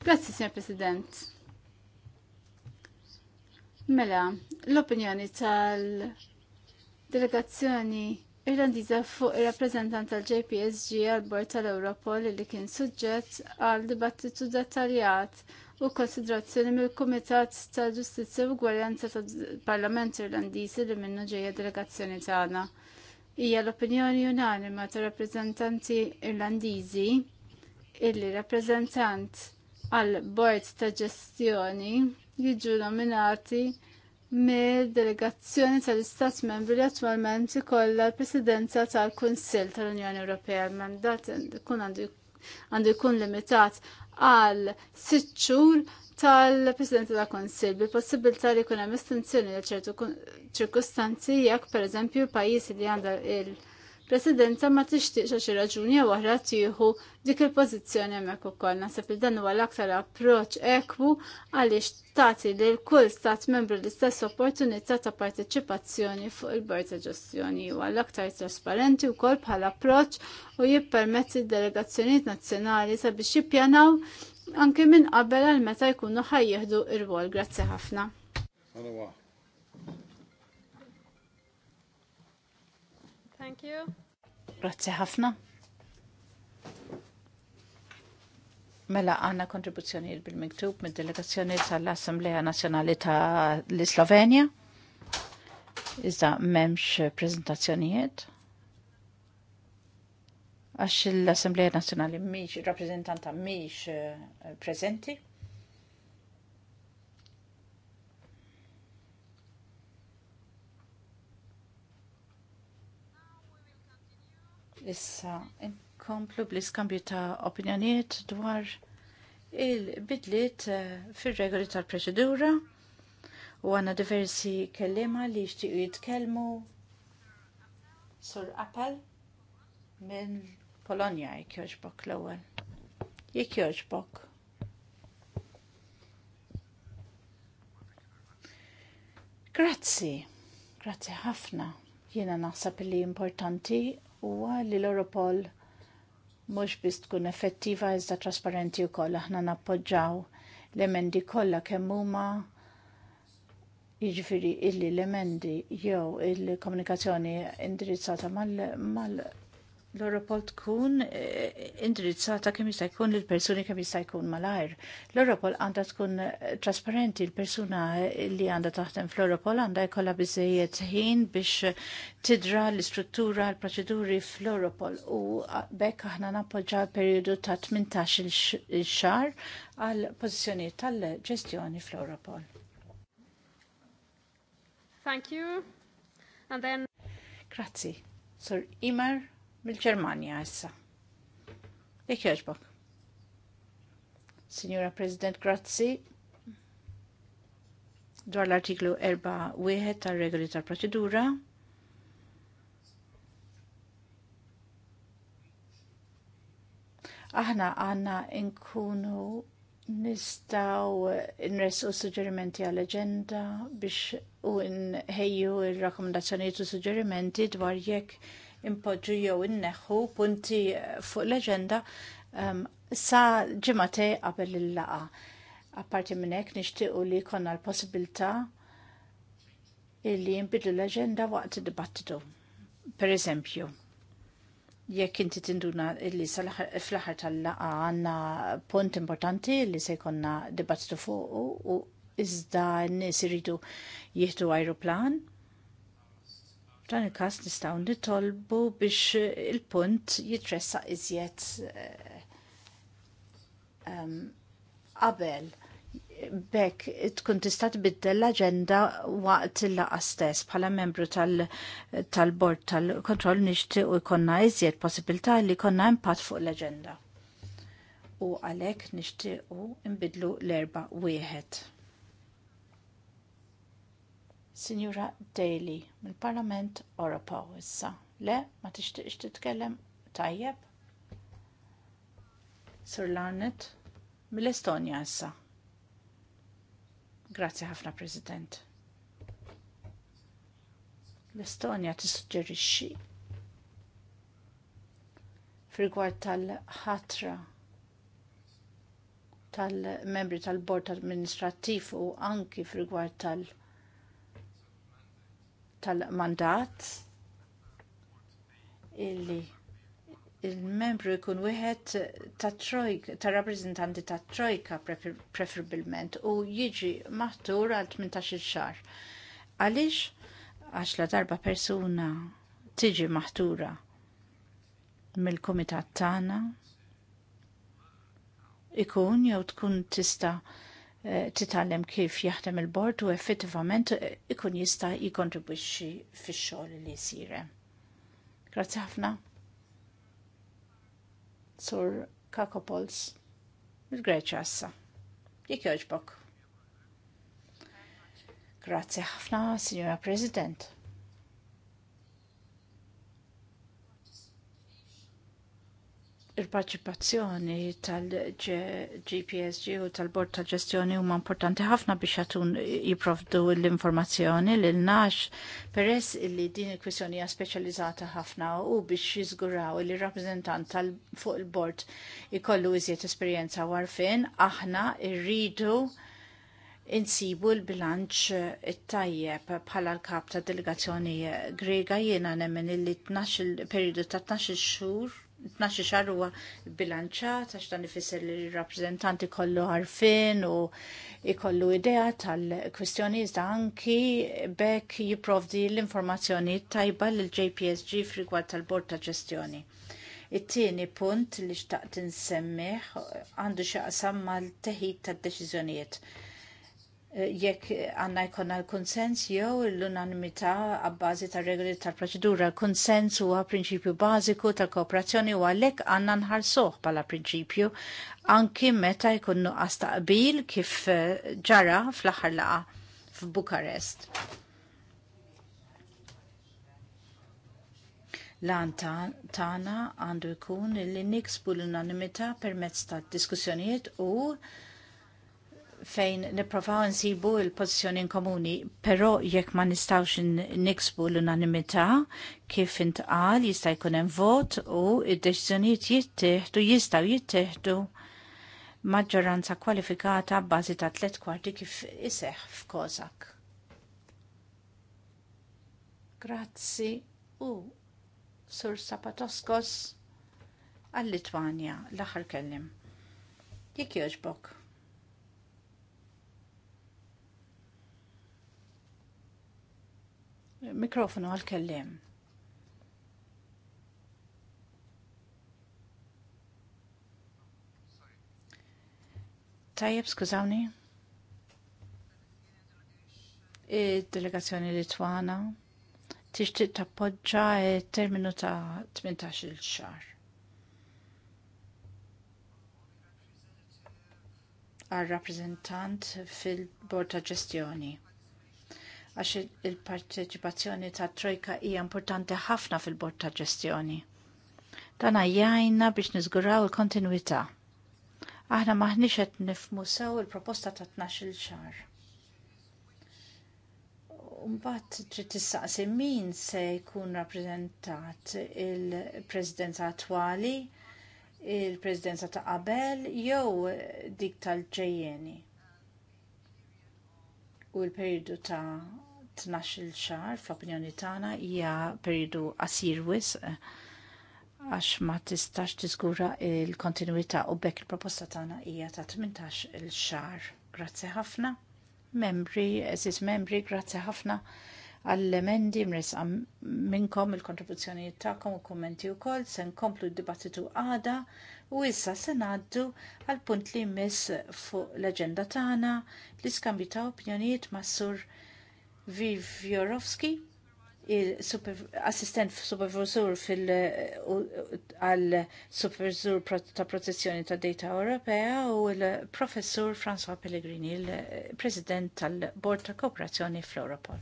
Grazzi, signor President. Mela, l-opinjoni tal-delegazzjoni Irlandiza fuq il-rappresentant tal-JPSG għal-Bord tal-Europol li kien suġġett għal dibattitu dettaljat u konsiderazzjoni mill-Kumitat tal-Ġustizzja u Gwarjanza tal-Parlament Irlandiż li minnu ġejja delegazzjoni tagħna. Hija l-opinjoni unanima tal rappreżentanti Irlandiżi illi rappreżentant għal bord ta' ġestjoni jiġu nominati mid-delegazzjoni tal-Istat membri li attwalment ikollha l-Presidenza tal-Kunsill tal-Unjoni Ewropea. Il-mandat ikun għandu jkun limitat għal sitt xhur tal-Presidenti tal konsil bi possibilità li jkun hemm estensjoni għal ċertu ċirkustanzi jekk pereżempju l-pajjiż li għandha il- presidenza ma tixtieqx għax raġuni oħra tieħu dik il-pożizzjoni hemmhekk ukoll. Naħseb li dan huwa l-aktar approċċ ekwu għaliex tagħti lil kull stat membru l-istess opportunità ta' parteċipazzjoni fuq il-bord ta' ġestjoni huwa l-aktar trasparenti wkoll bħala approċċ u jippermetti d-delegazzjonijiet nazzjonali sabiex jippjanaw anke minn qabel għal meta jkunu ħajjeħdu ir-rwol. Grazzi ħafna. Thank you. Grazzi ħafna. Mela għanna kontribuzzjoni bil-miktub mid delegazzjoni tal-Assemblea Nazjonali ta' l-Slovenja. Iżda memx prezentazzjonijiet. Għax l-Assemblea Nazjonali miex, rappresentanta miex eh, prezenti. Issa, inkomplu bl-iskambju ta' opinjoniet dwar il-bidliet eh, fil-regoli tal-proċedura u għanna diversi kellima li xtiq jitkellmu sur Appal minn Polonia jek joġbok l-ewel. Jek joġbok. Grazzi, grazzi ħafna. Jiena naħseb li importanti huwa li l-Europol mhux biss tkun effettiva iżda trasparenti wkoll aħna nappoġġaw l-emendi kollha kemm huma jiġifieri illi l-emendi jew il-komunikazzjoni indirizzata mal-, mal l oropol tkun eh, indirizzata kemm jista' jkun lill persuni kemm jista' jkun malajr. L-Europol għandha tkun eh, trasparenti, l-persuna li għandha taħdem fl-Europol għandha jkollha biżejjed ħin biex tidra l-istruttura, l-proċeduri fl-Europol u bekk aħna nappoġġa perjodu ta' 18 il-xar għal pożizzjonijiet tal-ġestjoni fl-Europol. Thank you. And then Grazzi. Sir Imar mill-Ġermanja issa. Jek jogħġbok. Signora President, grazzi dwar l-artiklu 4.1 tal-regoli tal-proċedura. Aħna għanna inkunu nistaw nresqu suġġerimenti għal agenda biex u nħejju il-rakkomandazzjonijiet u suġġerimenti dwar jekk impoġġu jew inneħħu punti eh, fuq l-aġenda um, ehm, sa ġimate qabel il-laqa. Apparti minn hekk nixtiequ li jkollna l-possibilità illi jinbidlu l-aġenda waqt id-dibattitu. Per eżempju, jekk inti tinduna illi fl-aħħar tal-laqa għandna punt importanti li se jkollna dibattitu fuq u iżda n-nies iridu jieħdu ajruplan Dan il-każ nistgħu nitolbu biex il-punt jitressaq iżjed eh, qabel bekk tkun tista' tbiddel l-aġenda waqt il laqgħa stess bħala membru tal-bord tal-kontroll nixtiequ jkollna iżjed possibilità li jkollna impatt fuq l-aġenda. U għalhekk nixtiequ imbidlu l-erba' wieħed. Signora Daly, mill-Parlament Ewropew issa. Le, ma tixtieqx titkellem tajjeb? Sir Larnet, mill-Estonja issa. Grazzi ħafna, President. L-Estonja tissuġġerixxi f'rigward tal-ħatra tal-membri tal-bord tal-amministrattiv u anki f'rigward tal-, tal tal-mandat illi il-membru jkun wieħed ta' trojka, ta' rappreżentanti ta' trojka preferibilment u jiġi maħtur għal 18 xahar. Għaliex? Għax la darba persuna tiġi maħtura mill-kumitat tagħna ikun jew tkun tista' titgħallem kif jaħdem il-bord u effettivament ikun jista' jikontribwixxi fix-xogħol li jsir. Grazzi ħafna. Sur Kakopols mill-Greċja issa. Jekk jogħġbok. Grazzi ħafna, Signora President. il-parċipazzjoni tal-GPSG u tal-Bord tal-ġestjoni huma importanti ħafna biex jatun jiprovdu l-informazzjoni l-nax peress li din il-kwissjoni hija speċjalizzata ħafna u biex jiżguraw li rappreżentant tal fuq il-bord ikollu iżjed esperjenza warfin aħna rridu insibu l-bilanċ it-tajjeb bħala l-kap ta' delegazzjoni grega jiena nemmen il-periodu ta' 12 xhur 12 xar huwa bilanċat għax dan ifisser li r-rappreżentanti kollu għarfin u ikollu idea tal-kwistjoni iżda anki bekk jipprovdi l-informazzjoni tajba l jpsg frigward tal-bord ta' ġestjoni. It-tieni punt li xtaqt nsemmiħ għandu xaqsam mal-teħid tad-deċiżjonijiet Eh, jekk għanna jkonna l-konsens jew l-unanimità għabbażi ta' regoli tal-proċedura. L-konsens huwa prinċipju bażiku tal-kooperazzjoni u għalhekk għandna nħarsuh bħala prinċipju anki meta jkun nuqqas ta' qbil kif eh, ġara fl-aħħar laqa f'Bukarest. Lan tagħna għandu jkun li niksbu l-unanimità permezz tad diskussjonijiet u fejn niprofaw nsibu il-pozizjoni komuni, pero jekk ma nistawx niksbu l-unanimità kif intqal jista' jkun hemm vot u id-deċiżjonijiet jittieħdu jistgħu jittieħdu maġġoranza kwalifikata bbażi ta' tliet kwarti kif iseħħ f'kosak. Grazzi u Sur Sapatoskos għall-Litwanja l-aħħar kellim. Jekk jogħġbok. Mikrofonu għal-kellim. Tajjeb, skużawni. Id-delegazzjoni Litwana tixtieq tappoġġa terminu ta' 18 il xar għal rappreżentant fil-bord ta' ġestjoni għax il-parteċipazzjoni ta' trojka hija importanti ħafna fil-bord ta' ġestjoni. Dan jgħajna biex niżguraw il-kontinuità. Aħna maħniex qed nifmu sew il-proposta ta' 12 xahar. Mbagħad trid tistaqsim min se jkun rappreżentat il-Presidenza attwali, il-Presidenza ta' qabel jew dik tal-ġejjeni u l-periodu ta' 12 xahar fl-opinjoni tagħna hija periodu qasir wis eh, għax ma tistax tiżgura il-kontinuità u bekk il-proposta tagħna hija ta' 18 il xahar Grazzi ħafna. Membri, eżis membri, grazzi ħafna għall-emendi mresqa minnkom il-kontribuzzjoni tagħkom u kummenti wkoll se nkomplu d-dibattitu għada u issa se ngħaddu għall punt li jmiss fuq l aġenda tagħna l-iskambju ta' opinjonijiet mas Sur Vivjorovski assistent supervisor għal supervisor ta' protezzjoni ta' data Ewropea u l-professur François Pellegrini, il-president tal-Bord ta' Kooperazzjoni fl-Europol.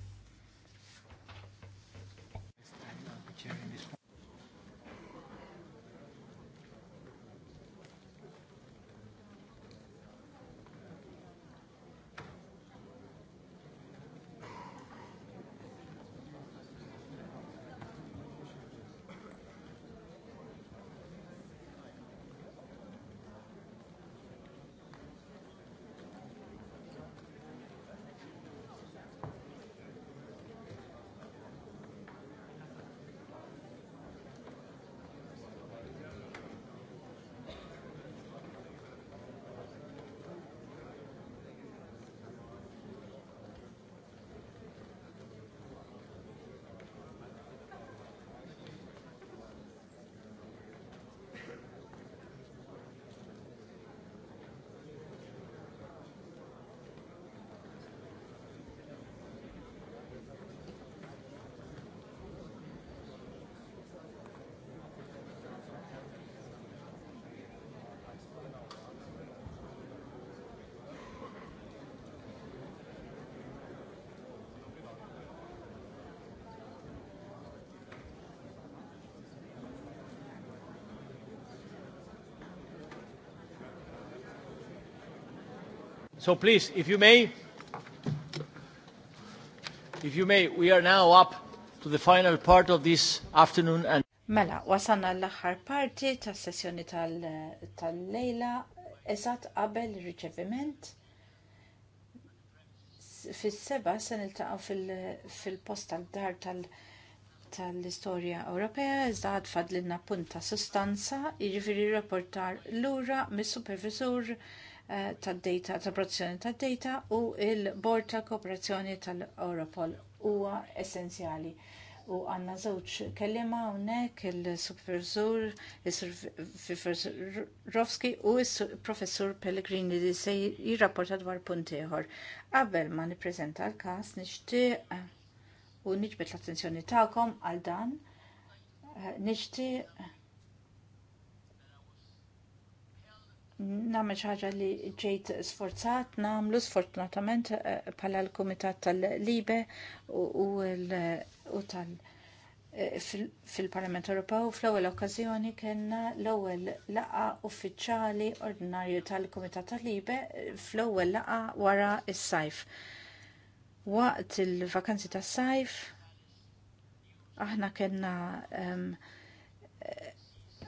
So please, if you may, if you may, we are now up to the final part of this afternoon and Mela, wasanna l-aħħar parti tas sessjoni tal-lejla eżat eżatt qabel riċeviment. Fis-seba se niltaqgħu fil-post fil post tal- tal-istorja Ewropea iżda għad fadlinna punta sustanza, jiġifieri rapportar lura mis-supervisur tad-data, ta' protezzjoni tad-data u il-Bord ta' Kooperazzjoni tal-Europol huwa essenzjali u għanna żewġ kellima hawnhekk il-supervisur, il u il-professur Pellegrini li se jirrapporta dwar punt ieħor. Qabel ma nippreżenta l każ nixtieq u niġbed l-attenzjoni tagħkom għal dan nixtieq namel ħaġa li ġejt sforzat, namlu sfortunatament pala eh, l-Komitat tal-Libe u tal- eh, fil-Parlament Ewropew fl-ewwel okkażjoni kellna l-ewwel laqgħa uffiċjali ordinarju tal-Kumitat tal-Libe eh, fl-ewwel laqgħa wara s-sajf. Waqt il-vakanzi tas-sajf aħna kellna ehm,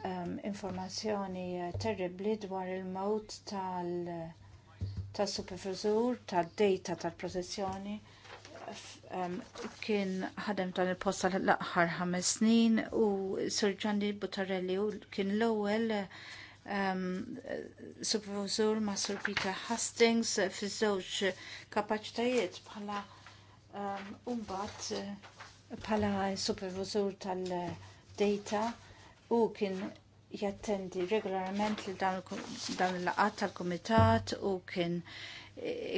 um, informazzjoni terribli dwar il mod tal- tal tad tal-data tal-protezzjoni. Um, kien ħadem dan il-post tal-laqħar ħames snin u Surġani Butarelli kien l-ewwel um, supervisur ma' Sir Peter Hastings fi żewġ kapaċitajiet bħala um, umbat bħala supervisur tal-data u kien jattendi regolarment li dawn il-laqat tal-komitat u kien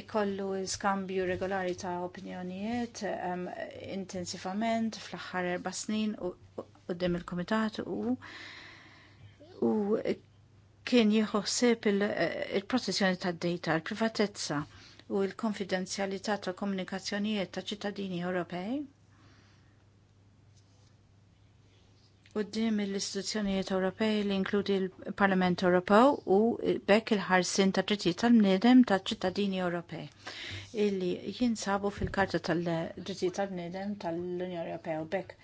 ikollu skambju regolari ta' opinjonijiet um, intensivament fl-axħar erba' snin u qudiem il-komitat u u kien jħossib il-protezzjoni il tad-data, il-privatezza u l-konfidenzjalità tal-komunikazzjonijiet ta' ċittadini Ewropej Uddim l-istituzzjonijiet Ewropej li inkludi l-Parlament Ewropew u bekk il-ħarsin ta' drittijiet tal-bniedem ta' ċittadini Ewropej illi jinsabu fil-Karta tal-Drittijiet tal-Bniedem tal-Unjoni Ewropea u bekk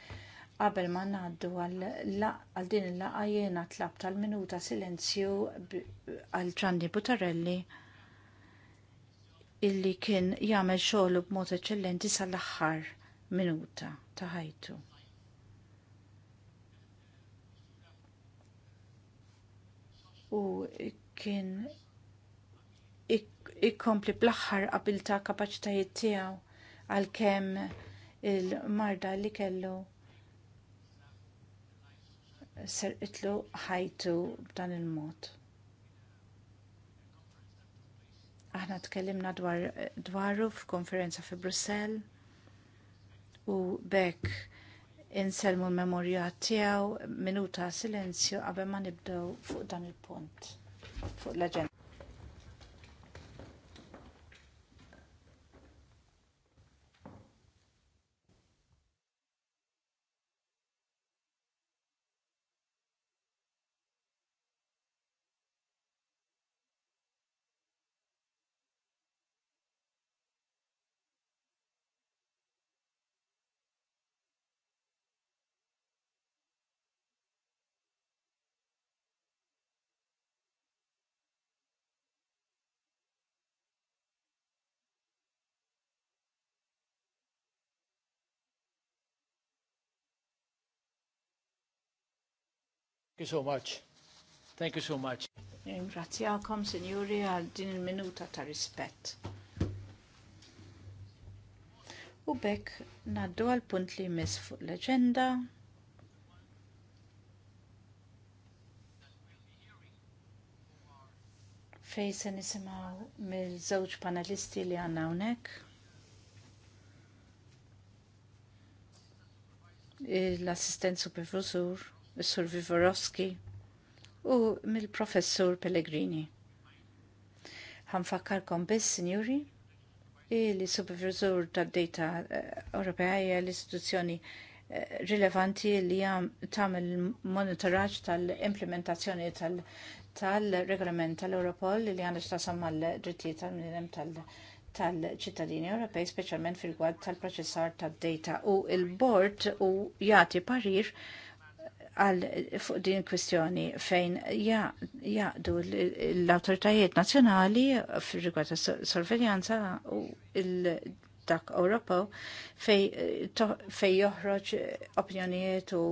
qabel ma ngħaddu għal din il-laqgħa jiena tlab tal-minuta silenzju għal Gianni Butarelli illi kien jagħmel xogħol b'mod eċċellenti sal-aħħar minuta ta' ħajtu. u kien ikkompli bl-aħħar qabil ta' kapaċitajiet tiegħu għalkemm il-marda li kellu serqitlu ħajtu b'dan il-mod. Aħna tkellimna dwar, dwaru f'konferenza fi Brussell u bekk inselmu l-memorja tiegħu minuta silenzju qabel ma nibdew fuq dan il-punt fuq l-aġenda. Thank you so much. Thank you so much. Ringrazzjakom, Sinjuri, għal din il-minuta ta' rispett. U bekk naddu għal punt li jmiss fuq l-agenda. Fej se nisimaw mill-żewġ panelisti li għanna unek. L-assistent supervisur Sur Vivorowski u mill-Professur Pellegrini. Ħanfakkarkom biss, Sinjuri, li supervisur tad-Data eh, Ewropea l-istituzzjoni eh, rilevanti li jam il monitoraġġ tal-implementazzjoni tal-regolament tal tal-Europol li għandha x'tasam mal-drittijiet tal-minnem tal-ċittadini Ewropej, speċjalment fil-gwad tal-proċessar tad-data u il-bord u jagħti parir għal fuq din kwistjoni fejn jaqdu l-autoritajiet nazjonali fil rigward sorveljanza u dak Ewropew fej joħroġ opinjonijiet u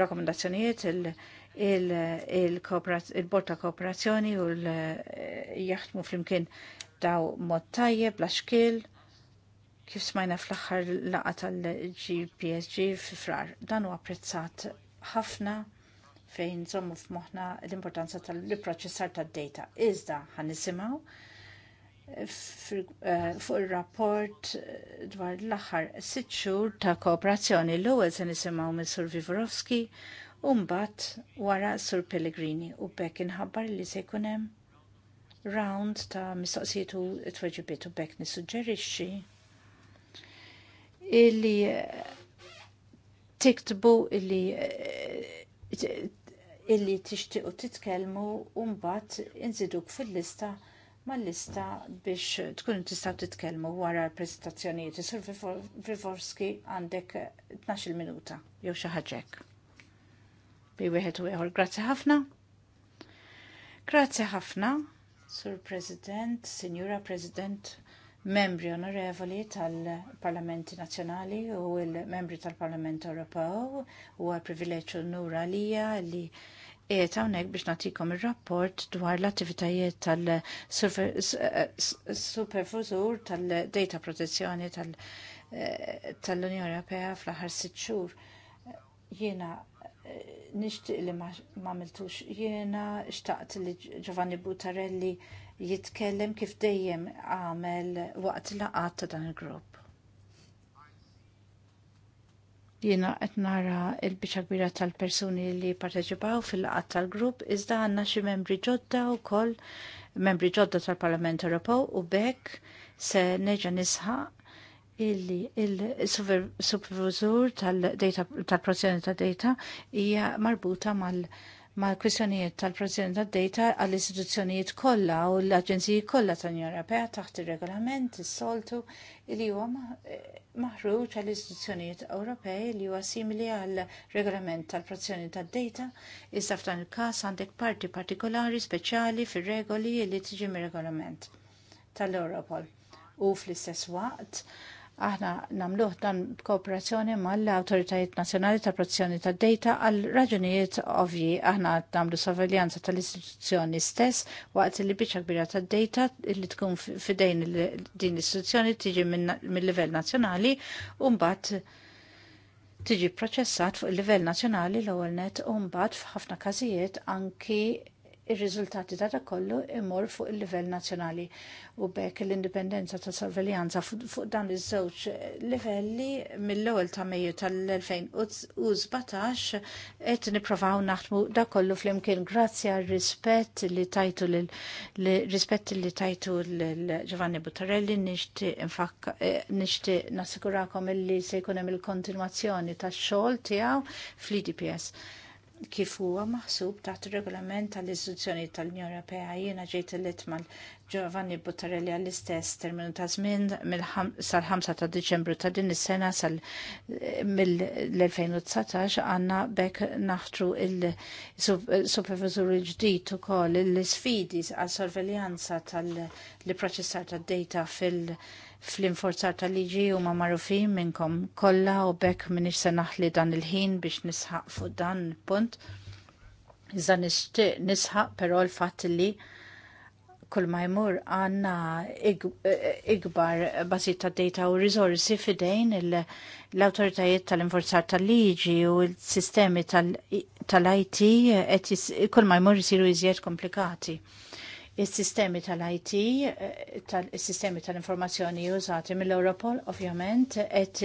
rakomendazzjonijiet il-bord ta' kooperazzjoni u l jaħdmu flimkien daw mod tajjeb, laxkil, kif smajna fl-axħar laqa tal-GPSG fi frar. Dan u apprezzat ħafna fejn nżommu f'moħħna l-importanza tal-riproċessar tad-data. Iżda ħan nisimgħu eh, fuq il-rapport eh, dwar l-axar sitt xhur ta' kooperazzjoni l-ewwel se nisimgħu minn Sur Vivorovski u mbagħad wara Sur Pellegrini u bekk inħabbar li se jkun hemm round ta' mistoqsijiet u tweġibiet u bekk nissuġġerixxi illi tiktbu illi eh, illi tixtiqu titkellmu u mbagħad inżiduk fil-lista mal-lista biex tkun tistgħu titkellmu wara l-preżentazzjonijiet. Isur Vivorski għandek 12 minuta jew xi ħaġek. Bi wieħed u ieħor grazzi ħafna. Grazzi ħafna, Sur President, Sinjura President, membri onorevoli tal-Parlamenti Nazzjonali u l-membri tal-Parlament Ewropew u privileġġ nura lija li qiegħed hawnhekk biex nagħtikom ir-rapport dwar l-attivitajiet tal-supervisur tal-data protezzjoni e, tal-Unjoni Ewropea fl-aħħar sitt xhur. Jiena e, nixtieq li ma għamiltux jiena xtaqt li Giovanni Butarelli jitkellem kif dejjem għamel waqt laqat ta' dan il-grupp. Jiena qed nara l-biċa kbira tal-persuni li parteċipaw fil-laqat tal-grupp iżda għandna xi membri ġodda wkoll membri ġodda tal-Parlament Ewropew u bekk se neġa' nisħaq illi il-supervisur tal-data tal-prozzjoni data hija marbuta mal- mal kwistjonijiet tal-President tad-Data għall-istituzzjonijiet kollha u l-Aġenziji kollha tal-Unjoni Ewropea taħt ir-regolament is-soltu li huwa eh, maħruġ għall-istituzzjonijiet Ewropej li huwa simili għall-regolament tal-protezzjoni tad dejta iżda f'dan il-każ għandek parti partikolari speċjali fir-regoli li tiġi mir-regolament tal-Europol. U fl-istess waqt Aħna namluħ dan b'kooperazzjoni mal-Autoritajiet Nazzjonali ta' Protezzjoni ta' Data għal raġunijiet ovvji aħna namlu sorveljanza tal-istituzzjoni stess waqt li biċċa kbira ta' data li tkun fidejn din l-istituzzjoni tiġi mill-livell nazzjonali u mbagħad tiġi proċessat fuq il-livell nazzjonali l-ewwel net u mbagħad f'ħafna każijiet anki ir-riżultati ta' kollu imur fuq il-livell nazzjonali u bekk l-indipendenza ta' sorveljanza fuq dan iż-żewġ livelli mill-ewwel ta' Mejju tal-2017 qed nipprovaw naħdmu da' kollu flimkien grazzi għal rispett li tajtu rispett li tajtu l-Giovanni Buttarelli nixtieq eh, nassigurakom illi se jkun hemm il-kontinwazzjoni tax-xogħol tiegħu fl-IDPS kif huwa maħsub taħt regolament tal-istituzzjoni tal-Unjoni Ewropea jiena ġejt il mal Giovanni Buttarelli għall-istess terminu ta' żmien sal-5 ta' Diċembru ta' din is-sena sal mill-2019 għandna bekk naħtru il-supervisur il-ġdid ukoll l-sfidi għal sorveljanza tal-proċessar tad-data fil- fl-inforzar tal-liġi u ma marufin minnkom kolla u bekk minix se naħli dan il-ħin biex nisħaq fuq dan il-punt. Iżda nishtiq nisħaq però l-fatt li kull ma jmur għanna ikbar bażit ta' data u risorsi fidejn l-autoritajiet tal-inforzar tal-liġi u l-sistemi tal-IT kull ma jmur jisiru iżjed komplikati Is-sistemi tal-IT, is-sistemi eh, tal-informazzjoni użati mill-Europol, ovvjament, qed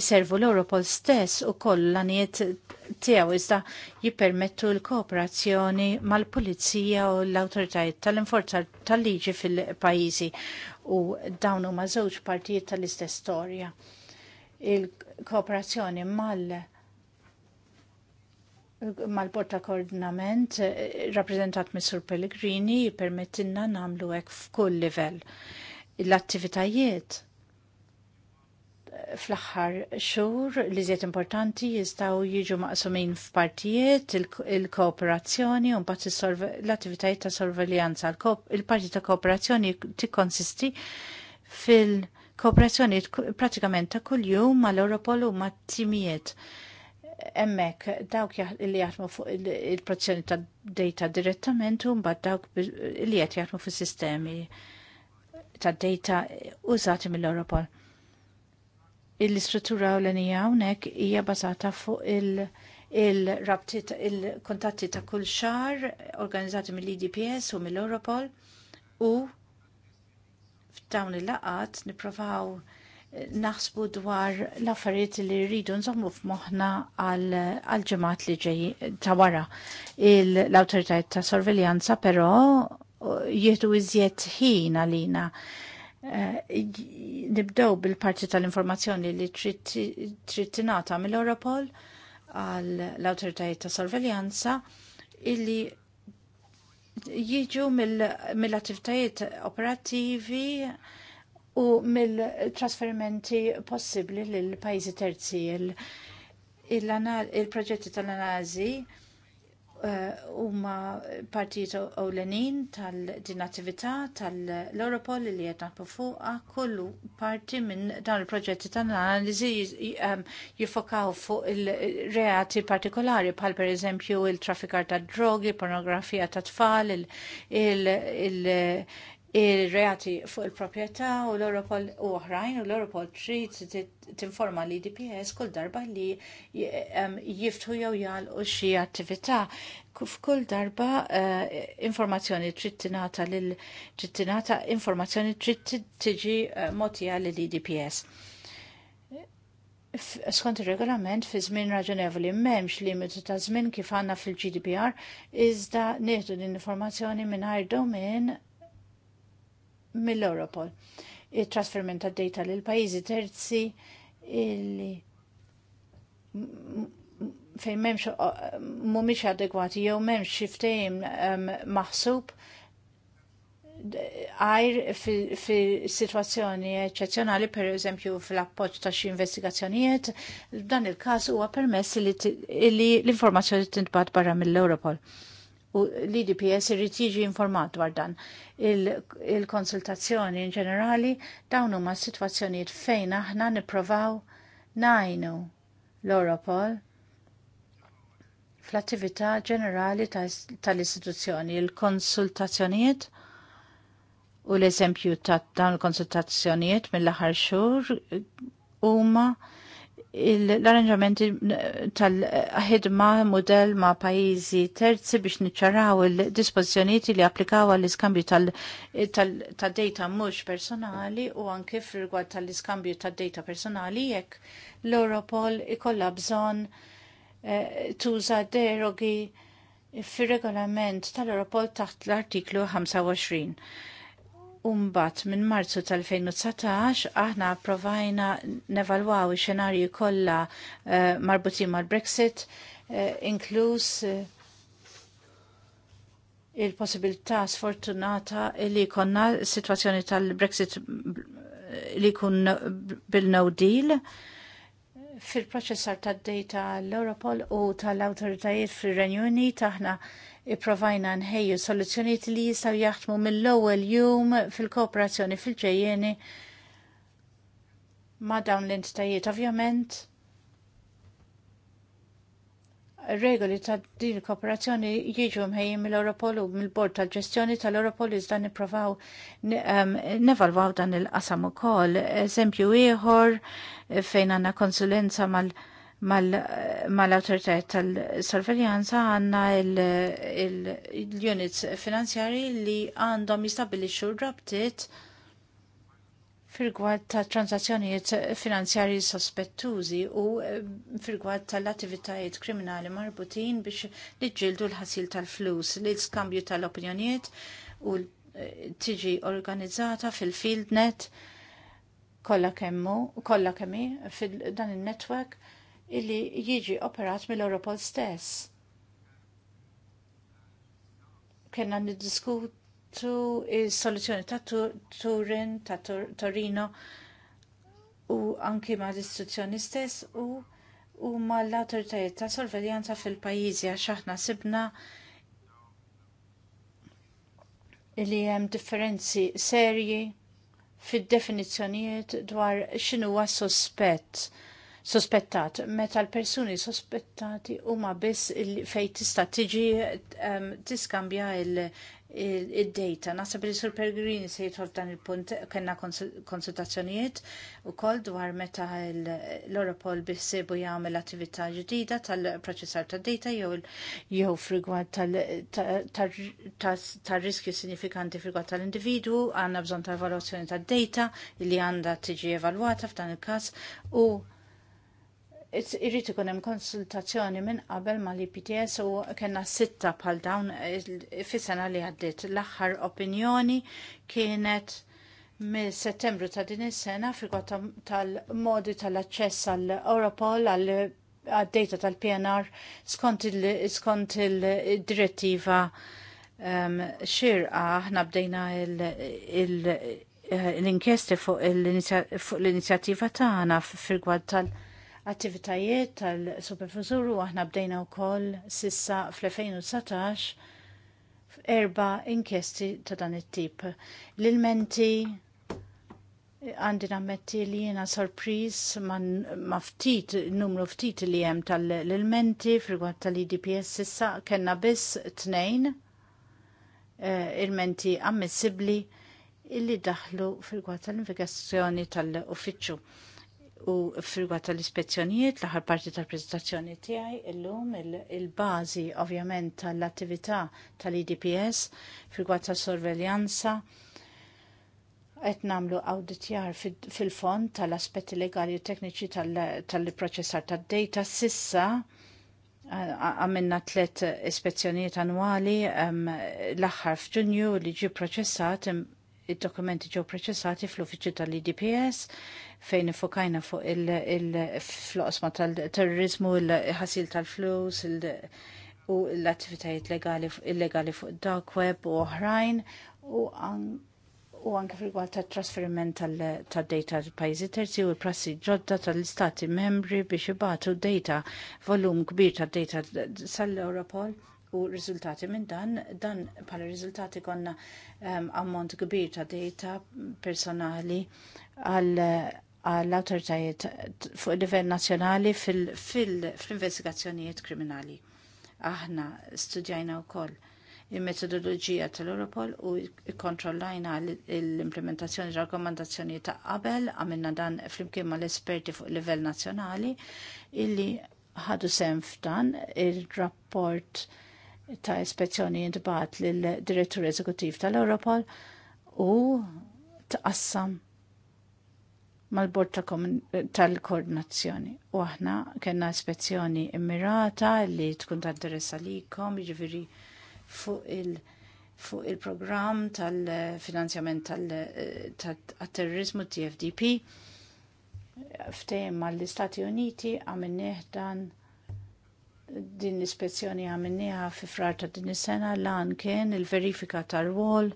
iservu l-Europol stess u koll l-għaniet tijaw iżda jippermettu l-kooperazzjoni mal-Pulizija u l-Awtoritajiet tal inforza tal-Liġi fil-pajjiżi u dawn huma żewġ partijiet tal-istess storja. Il-kooperazzjoni mal- mal-Bord ta' Koordinament eh, rappresentat Sur Pellegrini permettinna nagħmlu hekk f'kull livell. L-attivitajiet eh, fl-aħħar xhur li ziet importanti jistgħu jiġu maqsumin f'partijiet il-kooperazzjoni u mbagħad l-attivitajiet ta' sorveljanza. Il-parti ta' kooperazzjoni tikkonsisti fil-kooperazzjoni pratikament ta' kuljum mal-Europol u mat-timijiet emmek dawk li jaħdmu fuq il prozzjoni ta' data direttament u mbagħad dawk li qed jaħdmu fuq sistemi ta' data użati mill-Europol. Il-istruttura ewlenija hawnhekk hija bażata fuq il- il-rabti il kuntatti ta' kull xar organizzati mill-IDPS u mill-Europol u f'dawn il-laqat nipprovaw naħsbu dwar l-affarijiet li rridu nżommu f'moħħna għal ġemat li ġej ta' wara. l awtoritajiet ta' sorveljanza però uh, jieħdu iżjed ħin għalina. Uh, nibdew bil-parti tal-informazzjoni li trid tingħata mill-Europol għal awtoritajiet ta' sorveljanza illi jiġu mill-attivitajiet operattivi u mill-trasferimenti possibbli lill pajjiżi terzi il-proġetti il tal-analiżi eh, huma uh, partijiet ewlenin tal-din attività tal-Europol li qed naħbu fuqha kollu parti minn dan il-proġetti tal-analiżi um, ehm, jiffokaw fuq il-reati partikolari bħal pereżempju il-traffikar tad drogi, pornografija ta' tfal, il-, il, il il-reati fuq il-propieta u l-Europol u oħrajn u l-Europol trid tinforma li DPS kull darba li eh, jiftħu jew jalqu xi attività. F'kull darba eh, informazzjoni trid tingħata lil trid tingħata informazzjoni trid tiġi eh, mogħtija lil DPS skont ir-regolament fi żmien raġonevoli m'hemmx limitu ta' żmien kif għandna fil-GDPR iżda nieħdu l-informazzjoni mingħajr domain mill-Europol. Il-trasferment ta' data l pajjiżi terzi illi fejn memx mumiex adegwati jew memx xiftejn ehm, maħsub għajr fi situazzjoni eccezjonali, per eżempju fil-appoċ ta' xi investigazzjonijiet, dan il-każ huwa permess li l-informazzjoni tintbagħat barra mill-Europol u l-IDPS irrid jiġi informat dwar dan. Il-konsultazzjoni in ġenerali dawn huma situazzjonijiet fejn aħna nipprovaw najnu l-Europol fl-attività ġenerali tal-istituzzjoni. Il-konsultazzjonijiet u l-eżempju ta' dawn il-konsultazzjonijiet mill-aħħar xhur huma l-arranġamenti tal-ħidma model ma' pajizi terzi biex niċċaraw il-dispozizjoniet li applikaw għall-iskambju tal-data mhux personali u anke f'rigward tal-iskambju tad-data personali jekk l-Europol ikolla bżonn eh, tuża derogi fir regolament tal-Europol taħt l-artiklu 25. Umbat minn marzu tal-2019 aħna provajna nevalwaw xenarji kollha uh, marbutin mal-Brexit, uh, inkluż uh, il-possibilità sfortunata li konna situazzjoni tal-Brexit li kun bil-no deal fil-proċessar tad-data l-Europol u tal-autoritajiet fil-Renju Unit aħna Ipprovajna nħejju soluzzjonijiet li jistgħu jaħdmu mill-ewwel jum fil-kooperazzjoni fil-ġejjeni ma' dawn l-entitajiet ovvjament. Regoli ta' din kooperazzjoni jiġu mħejjin mill-Europol u mill-Bord tal-ġestjoni tal-Europol iżda niprofaw nevalvaw dan il-qasam ukoll. Eżempju ieħor fejn għandna konsulenza mal- mal-autoritajiet tal-sorveljanza għanna il-units finanzjari li għandhom jistabilixxu rabtiet firgwad ta' transazzjonijiet finanzjari sospettużi u eh, firgwad tal-attivitajiet kriminali marbutin biex liġġildu l-ħasil tal-flus, l-skambju tal-opinjonijiet u eh, tiġi organizzata fil-field net kollha kemmu, kollha kemmi fil-dan il-network illi jiġi operat mill-Europol stess. Kenna niddiskutu il-soluzjoni ta' Turin, ta' Torino u anki ma' l-istituzzjoni stess u u ma' l-autoritajiet ta' sorveljanza fil-pajizi għax aħna sibna li hemm differenzi serji fid-definizzjonijiet dwar x'inhuwa sospett sospettat. Meta l-persuni sospettati huma biss fej tista' tiġi um, tiskambja il-data. Nasab li sur Pergrini se jitħol dan il-punt kena konsultazzjonijiet u koll dwar meta l-Europol bissibu jgħamil attività ġdida tal-proċessar ta' data jew jew frigwad tal-riskju sinifikanti frigwad tal-individu għanna bżon tal-evaluazzjoni ta' data li għanda tiġi evalwata f'dan il-kas u irrit ikun hemm konsultazzjoni minn qabel mal ipts u kellna sitta bħal dawn eh, fis-sena li għaddiet. L-aħħar opinjoni kienet mill settembru ta' din is-sena frigwa tal-modi tal-aċċess għall europol għad data tal-PNR skont il-direttiva ehm, xirqa aħna bdejna eh, l-inkjesti fuq l-inizjattiva tagħna fil-gwad tal- attivitajiet tal-supervisur u aħna bdejna wkoll sissa fl-2019 erba inkjesti ta' dan it-tip. L-ilmenti għandi nammetti li jena sorpriz ma ftit, numru ftit li jem tal-ilmenti frigwat tal-IDPS sissa kena biss tnejn eh, ilmenti ammissibli illi daħlu frigwat tal-investigazzjoni tal-uffiċċju U firgwa tal-ispezzjonijiet, l-aħħar parti tal-prezentazzjoni tiegħi illum il-bażi il ovvjament tal-attività tal-IDPS firgwa tas-sorveljanza qed nagħmlu awditjar fil-fond tal-aspetti legali u tekniċi tal-proċessar tad-data sissa għamilna tliet ispezzjonijiet annwali l-aħħar f'Ġunju li ġie processat, id-dokumenti ġew preċessati fl-uffiċċju tal-IDPS fejn ifokajna fuq il-floqsma tal-terrorizmu, il-ħasil tal-flus, u l-attivitajiet illegali fuq dark web u oħrajn u anke fil-gwal ta' trasferiment tal-data tal-pajzi terzi u l-prassi ġodda tal-istati membri biex ibatu data, volum kbir tad data sal-Europol u riżultati minn dan, dan pala riżultati konna um, ammont kbir ta' data personali għal għall-autoritajiet fuq livell nazzjonali fil-investigazzjonijiet fil, fil kriminali. Aħna studjajna wkoll il-metodoloġija tal-Europol u kontrollajna l-implementazzjoni rakkomandazzjoni ta' qabel għamilna dan flimkien mal esperti fuq livell nazzjonali illi ħadu sem f'dan il-rapport ta' ispezzjoni jintbat lill-direttur eżekutiv tal-Europol u tqassam mal-bord tal-koordinazzjoni. U aħna kena ispezzjoni immirata li tkun ta' interessa kom, ġifiri fuq il- fuq il-programm tal-finanzjament tal-terrorizmu TFDP ftejn mal-Istati Uniti għamil dan din l-ispezzjoni għamilniha fi frar ta' din is-sena lan kien il-verifika tal-wol,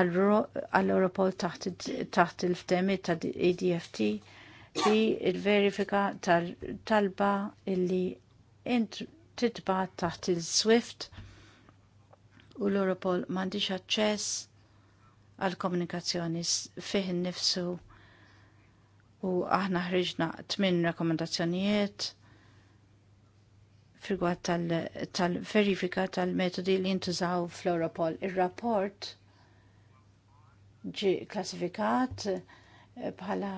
għall-Europol taħt il-ftemi ta' ADFT li il-verifika tal-talba illi titba taħt il-SWIFT u l-Europol m'għandix aċċess għall komunikazzjoni fih innifsu u aħna ħriġna tmien rakkomandazzjonijiet firgwat tal-verifika tal tal-metodi li jintużaw fl-Europol. Il-rapport ġi klassifikat eh, bħala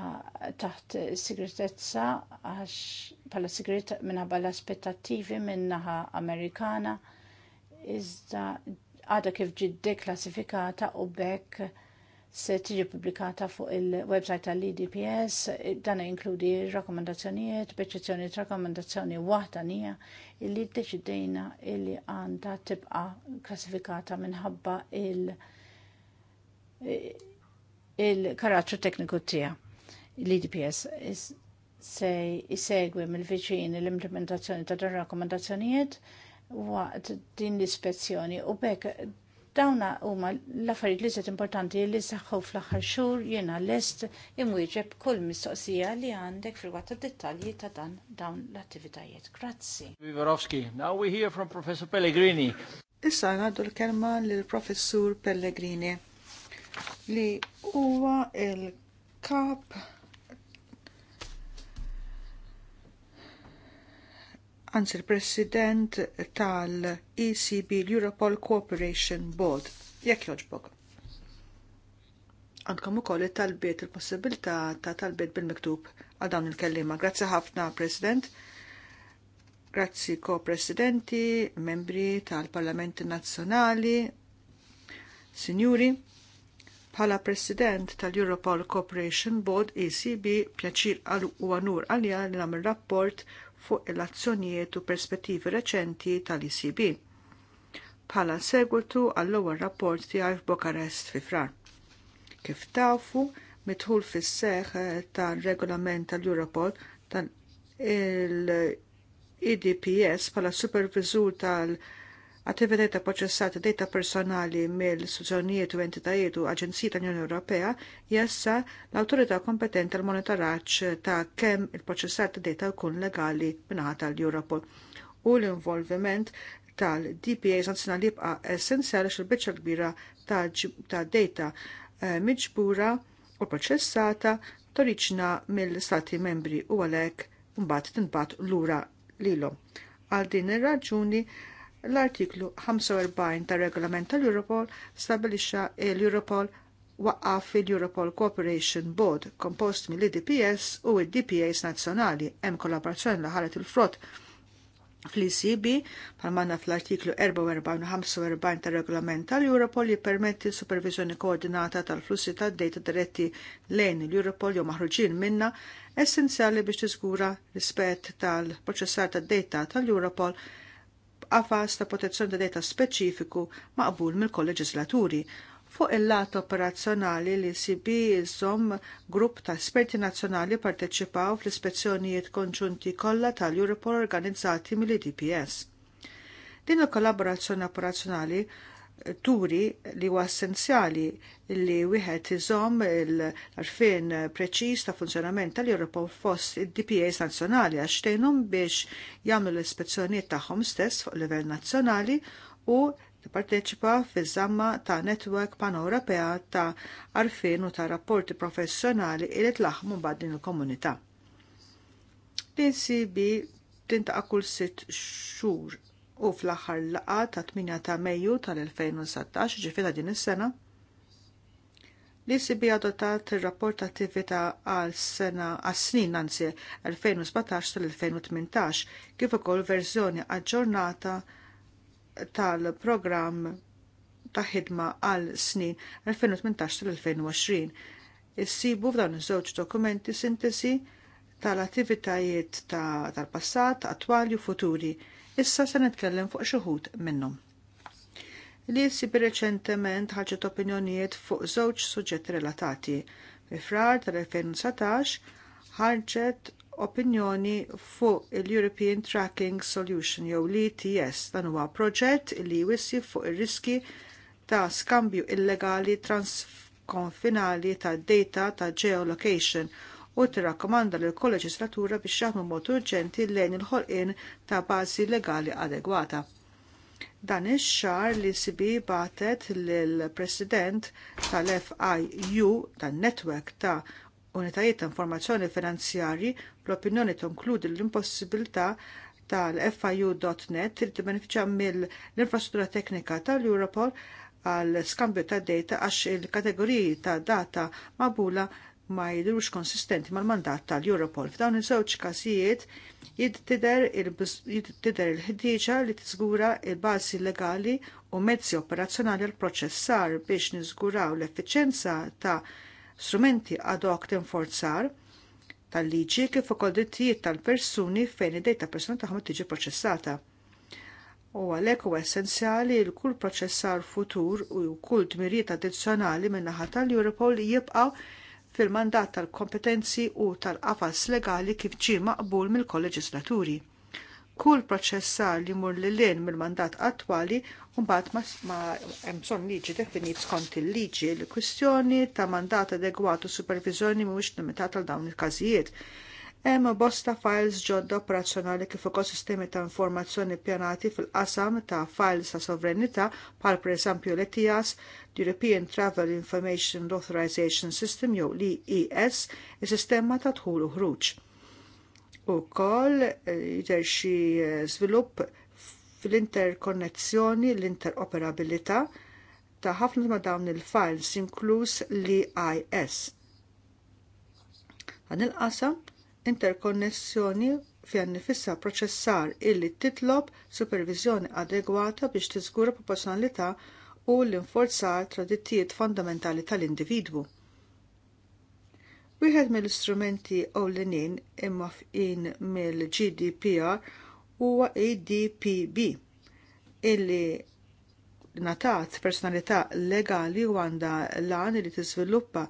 taħt sigretezza għax bħala sigret minħabba l-aspettativi minnaħa Amerikana iżda għada kif ġi deklassifikata u bekk se tiġi publikata fuq il-website tal-IDPS, dan inkludi rakkomandazzjonijiet, b'eċċezzjoni ta' wahda waħda nija illi deċidejna illi għandha tibqa klassifikata minħabba il- il-karattru tekniku tiegħu. L-IDPS se jisegwi mill-viċin l-implementazzjoni ta' dan rakkomandazzjonijiet waqt din l-ispezzjoni u bekk Dawna huma l-affarijiet li żed importanti li saħħu fl-aħħar xhur jiena lest imwieġeb kull mistoqsija li għandek fil-waqt dettalji ta' dan dawn l-attivitajiet. Grazzi. Vivorovski, now we hear from Professor Pellegrini. Issa għaddu l-kelma lill-Professur Pellegrini li huwa il-kap anzi il-President tal-ECB, l-Europol Cooperation Board. Jekk joġbok. Għandkom ukoll it-talbiet il-possibilità ta' talbiet bil-miktub għal dawn il-kellima. Grazzi ħafna, President. Grazzi ko-presidenti, membri tal-Parlamenti Nazzjonali, Sinjuri, bħala President tal-Europol Cooperation Board ECB pjaċir għal u għanur għalja li namil rapport fuq il-azzjonijiet u perspettivi reċenti tal-ICB bħala segwitu għall-ewwel rapport tiegħi f'Bukarest fi frar. Kif tafu, mitħul fis seħħ tal-regolament tal-Europol tal-IDPS bħala superviżur tal-, -Europol, tal Attività ta' proċessati data personali mill suzzjonijiet u entitajiet u aġenziji tal-Unjoni Ewropea jessa l-autorità kompetenti għal monitoraġġ ta' kemm il-proċessat data jkun legali mingħata tal-Europol. U l-involviment tal-DPA sanzjonali jibqa' essenzjali xil-biċċa kbira ta' data eh, miġbura u proċessata toriċna mill-Stati membri u għalhekk mbagħad tinbagħat lura lilhom. Għal din ir-raġuni L-artiklu 45 tar regolament tal-Europol stabilixa l-Europol waqqaf il-Europol Cooperation Board kompost mill dps u id-DPAs nazzjonali hemm kollaborazzjoni li ħalet il-frott fl-ICB manna fl-artiklu 44-45 tal-regolament tal-Europol li permetti supervizjoni koordinata tal-flussi tad data diretti lejn l-Europol jew maħruġin minna essenzjali biex tiżgura rispett tal-proċessar tad data tal-Europol għafas ta' protezzjoni ta' data speċifiku maqbul mill-kolleġislaturi fuq il-lat operazzjonali li CB jizom grupp ta' esperti nazzjonali parteċipaw fl-ispezzjonijiet konġunti kollha tal-Europol organizzati mill-DPS. Din il-kollaborazzjoni operazzjonali turi li huwa essenzjali li wieħed iżomm l-arfin preċiż ta' funzjonament tal ewropa fost id dpa nazzjonali għax tgħinhom biex jagħmlu l-ispezzjonijiet tagħhom stess fuq livell nazzjonali u tipparteċipa fiż-żamma ta' netwerk pan-Ewropea ta' arfin u ta' rapporti professjonali li tlaħmu mbagħad din il-komunità. L-ICB tintaqa' kull sitt xhur u fl-aħħar laqgħa ta' 8 ta' Mejju tal-2017 ġifiera din is-sena li sibi adottat il rapport ta' attività għal sena għas snin anzi 2017 tal-2018 kif ukoll verżjoni aġġornata tal-programm ta' ħidma għal snin 2018 tal-2020. Issibu f'dawn iż-żewġ dokumenti sintesi tal-attivitajiet tal-passat, attwali u futuri Issa se nitkellem fuq xi minnhom. Li sibi reċentement ħaġet opinjonijiet fuq żewġ suġġetti relatati. Fi frar tal-2019 ħarġet opinjoni fuq il-European Tracking Solution jew l-ETS dan huwa proġett li jwissi fuq ir-riski ta' skambju illegali transkonfinali ta' data ta' geolocation u tirrakkomanda lil kol-leġislatura biex jaħdmu mod urġenti lejn il-ħolqien ta' bażi legali adegwata. Dan ix-xar li sibi batet lill-President tal-FIU tan-netwerk ta' unitajiet ta' informazzjoni finanzjarji l-opinjoni tonkludi l-impossibilità tal-FIU.net li tibbenefika mill-infrastruttura teknika tal-Europol għal skambju ta' data għax il-kategoriji ta' data mabula ma jidrux konsistenti mal-mandat tal-Europol. F'dawn iż-żewġ każijiet jittider il-ħdieġa li tiżgura il-bażi legali u mezzi operazzjonali għal proċessar biex niżguraw l-effiċenza ta' strumenti ad hoc tinforzar tal-liġi kif ukoll drittijiet tal-persuni fejn id-dejta personali tagħhom tiġi proċessata. U għalhekk huwa essenzjali l kull proċessar futur u kull dmirijiet addizzjonali min-naħa tal-Europol jibqgħu fil-mandat tal-kompetenzi u tal-qafas legali kif ġie maqbul mill-kolleġislaturi. Kull proċessar li mur lilin mill-mandat attwali mbagħad ma hemm bżonn liġi definit skont il-liġi l kwistjoni ta' mandat adegwatu supervizjoni mhuwiex limitat għal dawn il-każijiet Hemm bosta files ġodda operazzjonali kif ukoll sistemi ta' informazzjoni pjanati fil-qasam ta' files ta' sovranità bħal pereżempju l-ETIAS, European Travel Information Authorization System jew l-EES, is-sistema ta' dħul u ħruġ. Ukoll eh, jidher xi eh, żvilupp fl-interkonnezzjoni, l-interoperabilità ta' ħafna ma' dawn il-files inkluż l-EIS. Dan il-qasam interkonnessjoni fjan nifissa proċessar illi titlob superviżjoni adegwata biex tiżgura proporzjonalità u l-inforzar tradittijiet fondamentali tal-individwu. Wieħed mill-istrumenti ewlenin imma f'in mill-GDPR huwa ADPB illi natat personalità legali u għandha lan li tiżviluppa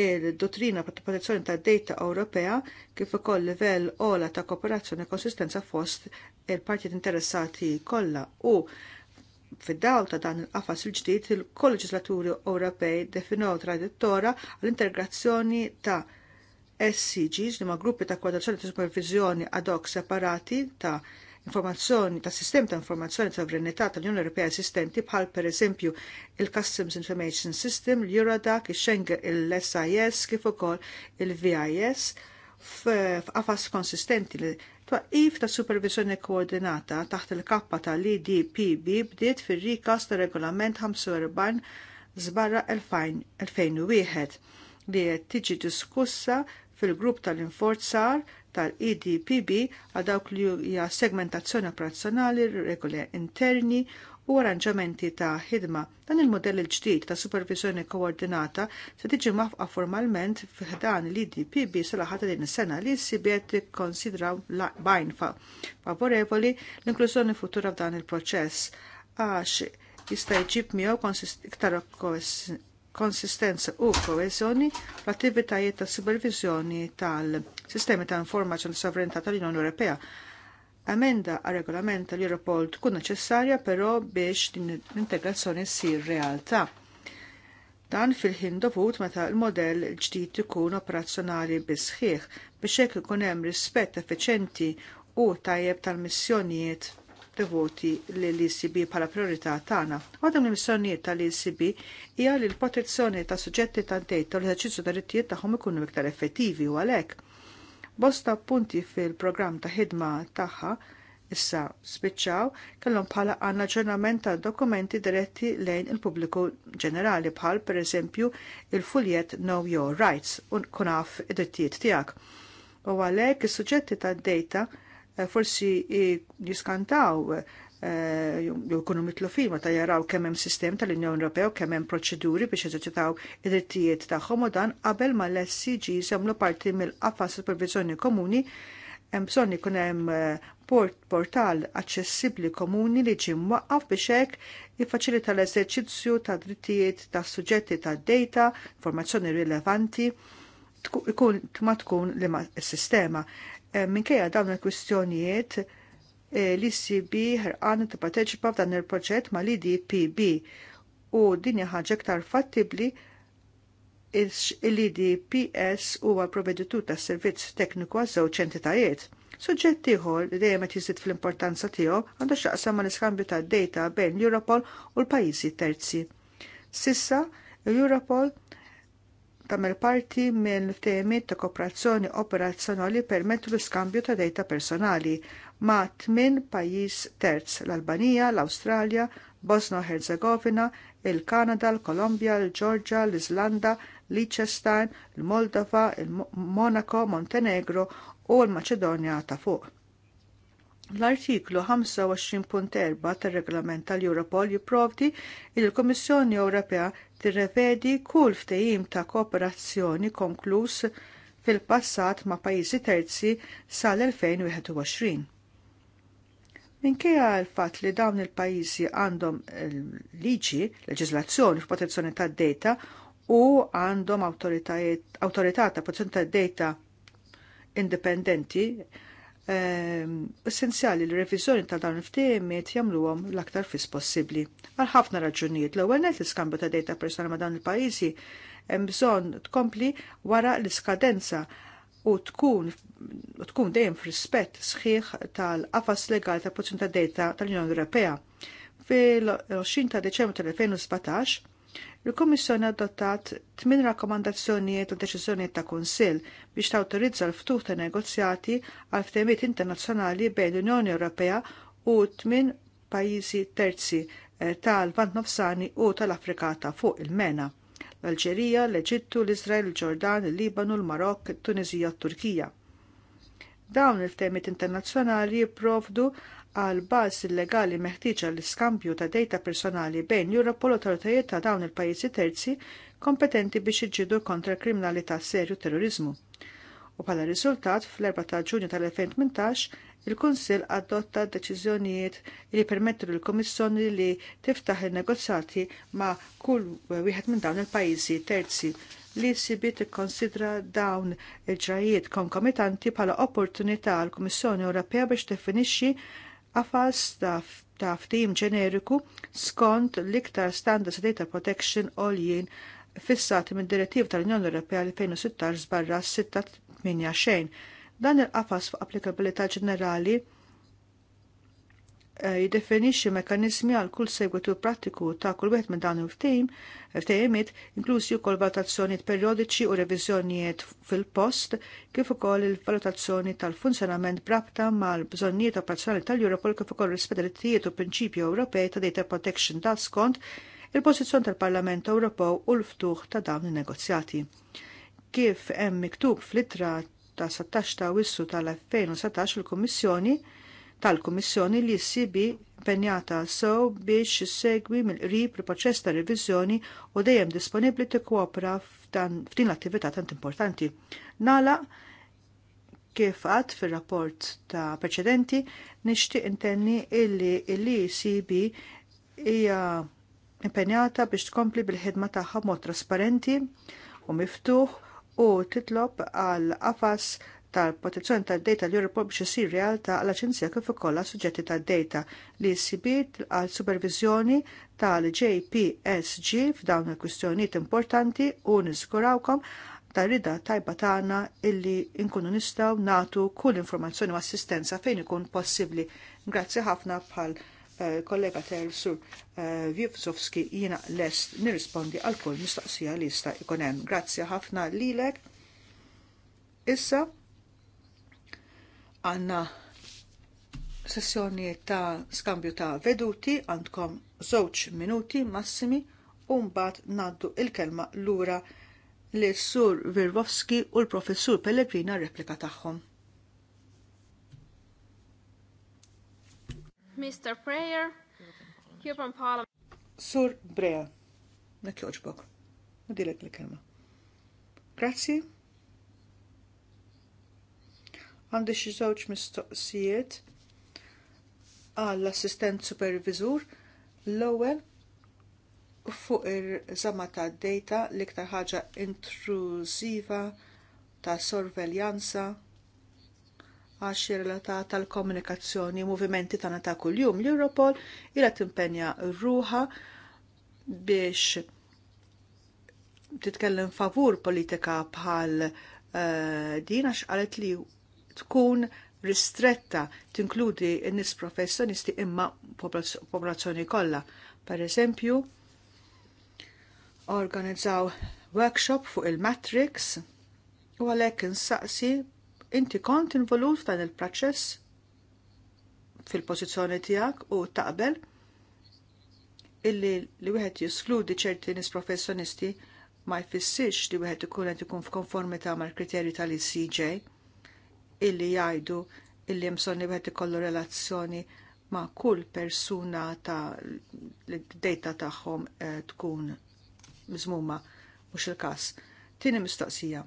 il-dottrina ta' protezzjoni ta' data Ewropea kif ukoll livell ola ta' kooperazzjoni e konsistenza fost il-partijiet interessati kollha u fid-dawl ta' dan il-qafas il-ġdid il-kolleġislaturi Ewropej definow tradittora għall-integrazzjoni ta' SCGs li ma' gruppi ta' kwadrazzjoni ta' supervizjoni ad hoc separati ta' informazzjoni ta' sistem ta' informazzjoni ta' sovranità tal-Unjoni Ewropea esistenti bħal pereżempju il-Customs Information System, l-Eurodac, il-Schengen, il-SIS, kif ukoll il-VIS f'qafas konsistenti li twaqif ta' supervisjoni koordinata taħt il-kappa tal-IDPB bdiet fir-rikas ta' regolament 45 zbarra 2001 li qed tiġi diskussa fil-grupp tal-inforzar tal-EDPB għal dawk li hija segmentazzjoni operazzjonali, regoli interni u arranġamenti ta' ħidma. Dan il-modell il-ġdid ta' supervizjoni koordinata se tiġi mafqa formalment f'dan l-IDPB sal-ħata din is-sena li s-sibiet konsidraw bajn favorevoli l-inklużjoni futura f'dan il-proċess għax jista' jġib miegħu iktar konsistenza u koeżjoni fl-attivitajiet ta' supervizjoni tal-sistemi ta' informazzjoni sovranità tal-Unjoni Ewropea. Amenda għar regolament tal-Europol tkun neċessarja però biex din l-integrazzjoni ssir realtà. Dan fil-ħin dovut meta l-modell ġdid ikun operazzjonali bisħiħ biex hekk ikun hemm rispett effiċenti u tajjeb tal-missjonijiet devoti l-ECB bħala priorità tagħna. Għadhom l-missjonijiet tal-ECB hija li l-protezzjoni ta' suġġetti ta' dejta u l-eżerċizzju ta' rittijiet tagħhom ikunu iktar effettivi u għalhekk. Bosta punti fil-programm ta' ħidma tagħha issa spiċċaw kellhom bħala għandna ġurnament ta' dokumenti diretti lejn il-pubbliku ġenerali bħal pereżempju il-fuljet Know Your Rights u kunaf id-drittijiet tiegħek. U għalhekk is-suġġetti tad-dejta Eh, forsi jiskantaw jew eh, jkunu mitlu fil meta jaraw kemm hemm sistem tal-Unjoni Ewropew kemmem kemm hemm proċeduri biex eżerċitaw id-drittijiet tagħhom u dan qabel ma l-SCG semlu parti mill-qafa supervizjoni komuni hemm bżonn ikun hemm eh, portal aċċessibbli komuni li ġie mwaqqaf biex hekk jiffaċilita l-eżerċizzju ta' drittijiet ta' suġġetti ta' data, informazzjoni rilevanti, ikun ma tkun li ma s-sistema. Eh, minkejja dawn il-kwistjonijiet eh, l-ICB ħerqan pateċipa f'dan il-proġett ma' l-IDPB u din ħaġa iktar fattibli l-IDPS huwa provveditur ta' servizz tekniku għaż żewġ entitajiet. Suġġett ieħor li dejjem qed jiżid fl-importanza tiegħu għandu x'aqsam l iskambju ta' data bejn l-Europol u l-pajjiżi terzi. Sissa, l-Europol tagħmel parti minn temi ta' kooperazzjoni operazzjonali permettu l-iskambju ta' dejta personali ma' tmien pajjiż terz l-Albanija, l-Awstralja, Bosna Herzegovina, il-Kanada, l-Kolombja, l georgia l-Iżlanda, Liechtenstein, l-Moldova, il-Monaco, Montenegro u l-Maċedonja ta' fuq. L-artiklu 25.4 tar-regolament tal-Europol jipprovdi il komissjoni Ewropea tirrevedi kull ftehim ta' kooperazzjoni konkluż fil-passat ma' pajjiżi terzi sal-2021. Minkejja l-fatt li dawn il-pajjiżi għandhom liġi, leġislazzjoni f'protezzjoni tad-data u għandhom awtorità ta' protezzjoni tad-data indipendenti, Ehm, essenzjali li revizjoni ta' dan il-ftehimiet jagħmluhom l-aktar fis possibbli. Għal ħafna raġunijiet l-ewwel net l-iskambju ta' data personali ma' dan il-pajjiżi hemm bżonn tkompli wara l-iskadenza u tkun u tkun dejjem f'rispett sħiħ tal-qafas legali ta' proċent ta' data tal-Unjoni Ewropea. Fil-20 ta' Deċembru tal-2017 Il-Kommissjoni adottat tmin rakkomandazzjonijiet u deċiżjonijiet ta' Kunsill biex tawtorizza l-ftuħ ta' negozjati għal ftehmiet internazzjonali bejn l-Unjoni Ewropea u tmin pajjiżi terzi eh, tal-Vant Nofsani u tal-Afrika ta' fuq il-Mena l-Alġerija, l-Eġittu, l-Izrael, il-Ġordan, il-Libanu, l-Marok, t tunizija t-Turkija. Dawn il-ftehmiet internazzjonali jipprovdu għal bażi illegali meħtieġa l iskambju ta' data personali bejn Europol u autoritajiet ta' dawn il-pajjiżi terzi kompetenti biex iġġidu kontra kriminalità serju terrorizmu. U bħala riżultat fl-4 ta' Ġunju tal-2018 il-Kunsill adotta deċiżjonijiet li permettu l komissjoni li tiftaħ il-negozjati ma' kull wieħed minn dawn il-pajjiżi terzi li sibi tikkonsidra dawn il-ġrajiet konkomitanti bħala opportunità għall kummissjoni Ewropea biex definixxi qafas ta' ftim ġeneriku skont l-iktar standards data protection jien fissati minn direttiv tal-Unjoni Ewropea 2016 barra 6 xejn. Dan il-qafas fuq applikabilità ġenerali Eh, jiddefinixxi mekanizmi għal kull segwitu prattiku ta' kull wieħed minn dan il ftim ftehimiet inklużi wkoll valutazzjonijiet periodiċi u reviżjonijiet fil-post, kif ukoll il-valutazzjoni tal-funzjonament brabta mal-bżonnijiet operazzjonali tal-Europol kif ukoll rispedalittijiet u prinċipju Ewropej ta' Data Protection ta' skont il-pożizzjoni tal-Parlament Ewropew u l-ftuħ ta' dawn in-negozjati. Kif hemm miktub fl-ittra ta' 16 ta' wissu tal-2017 il-Kummissjoni, tal-Kummissjoni li s-sibi impenjata sew biex segwi mill-qrib il-proċess ta' revizjoni u dejjem disponibbli tikkopra f'din l-attività tant importanti. Nala kif għad fil-rapport ta' preċedenti nixtieq intenni illi l-ECB hija impenjata biex tkompli bil-ħidma tagħha mod trasparenti u miftuħ u titlob għal qafas tal-protezzjoni tad-data l Europol biex isir realtà għal aġenzija kif ukoll suġġetti tad-data li jsibit għal supervizjoni tal-JPSG f'dawn il-kwistjonijiet importanti u niżgurawkom tar-rida tajba tagħna illi nkunu nistgħu nagħtu kull informazzjoni u assistenza fejn ikun possibbli. Grazzi ħafna bħal eh, kollega ter sur Vjufsovski eh, jiena lest nirrispondi għal kull mistoqsija li jista' ikun hemm. Grazzi ħafna lilek. Issa għanna sessjoni ta' skambju ta' veduti għandkom żewġ minuti massimi u mbagħad naddu il-kelma lura li sur Virvowski u l-professur Pellegrina replika tagħhom. Mr. Prayer, Cuban Parliament. Sur Brea, nek joġbok, u dilek kelma. Grazie. Għandi xi żewġ mistoqsijiet għall-assistent supervisur l-ewwel fuq ir-żama ta' data l-iktar ħaġa intrużiva ta' sorveljanza għax relata tal-komunikazzjoni, movimenti tagħna ta' kuljum l-Europol ila timpenja ruha biex titkellem favur politika bħal uh, din għax qalet li tkun ristretta tinkludi n-nis professjonisti imma popolazzjoni kollha. Per eżempju, organizzaw workshop fuq il-Matrix u għalhekk insaqsi inti kont involut f'dan il-proċess fil-pożizzjoni tiegħek u taqbel illi li wieħed jiskludi ċerti nis professjonisti ma jfissirx li wieħed ikun qed ikun f'konformità mal-kriterji tal-ICJ illi jgħidu illi jemsoni bħet ikollu relazzjoni ma' kull persuna ta' l-data tagħhom eh, tkun mizmuma mhux il-każ. Tieni mistoqsija.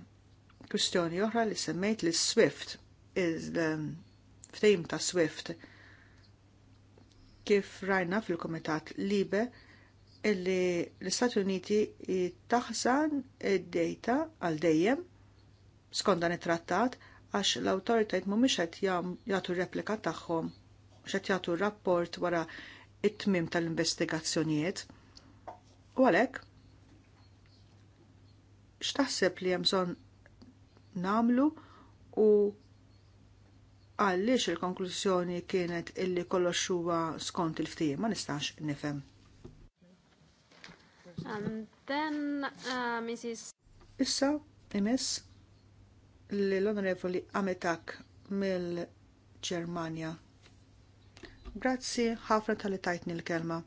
Kwistjoni oħra li semmejt li Swift ehm, ftejm ta' Swift kif rajna fil-Komitat Libe illi l-Istati Uniti taħsan id-data għal dejjem skont dan it-trattat għax l-autoritajt mhumiex qed jagħtu replika tagħhom mhux qed jagħtu rapport wara t tmiem tal-investigazzjonijiet. U għalhekk x'taħseb li hemm bżonn nagħmlu u għaliex il-konklużjoni kienet illi kollox huwa skont il-ftehim ma nistax nifhem. Um, then, uh, Mrs. Issa, imis, l-Onorevoli Ametak mill-Ġermanja. Grazzi ħafna tal-li tajtni l-kelma.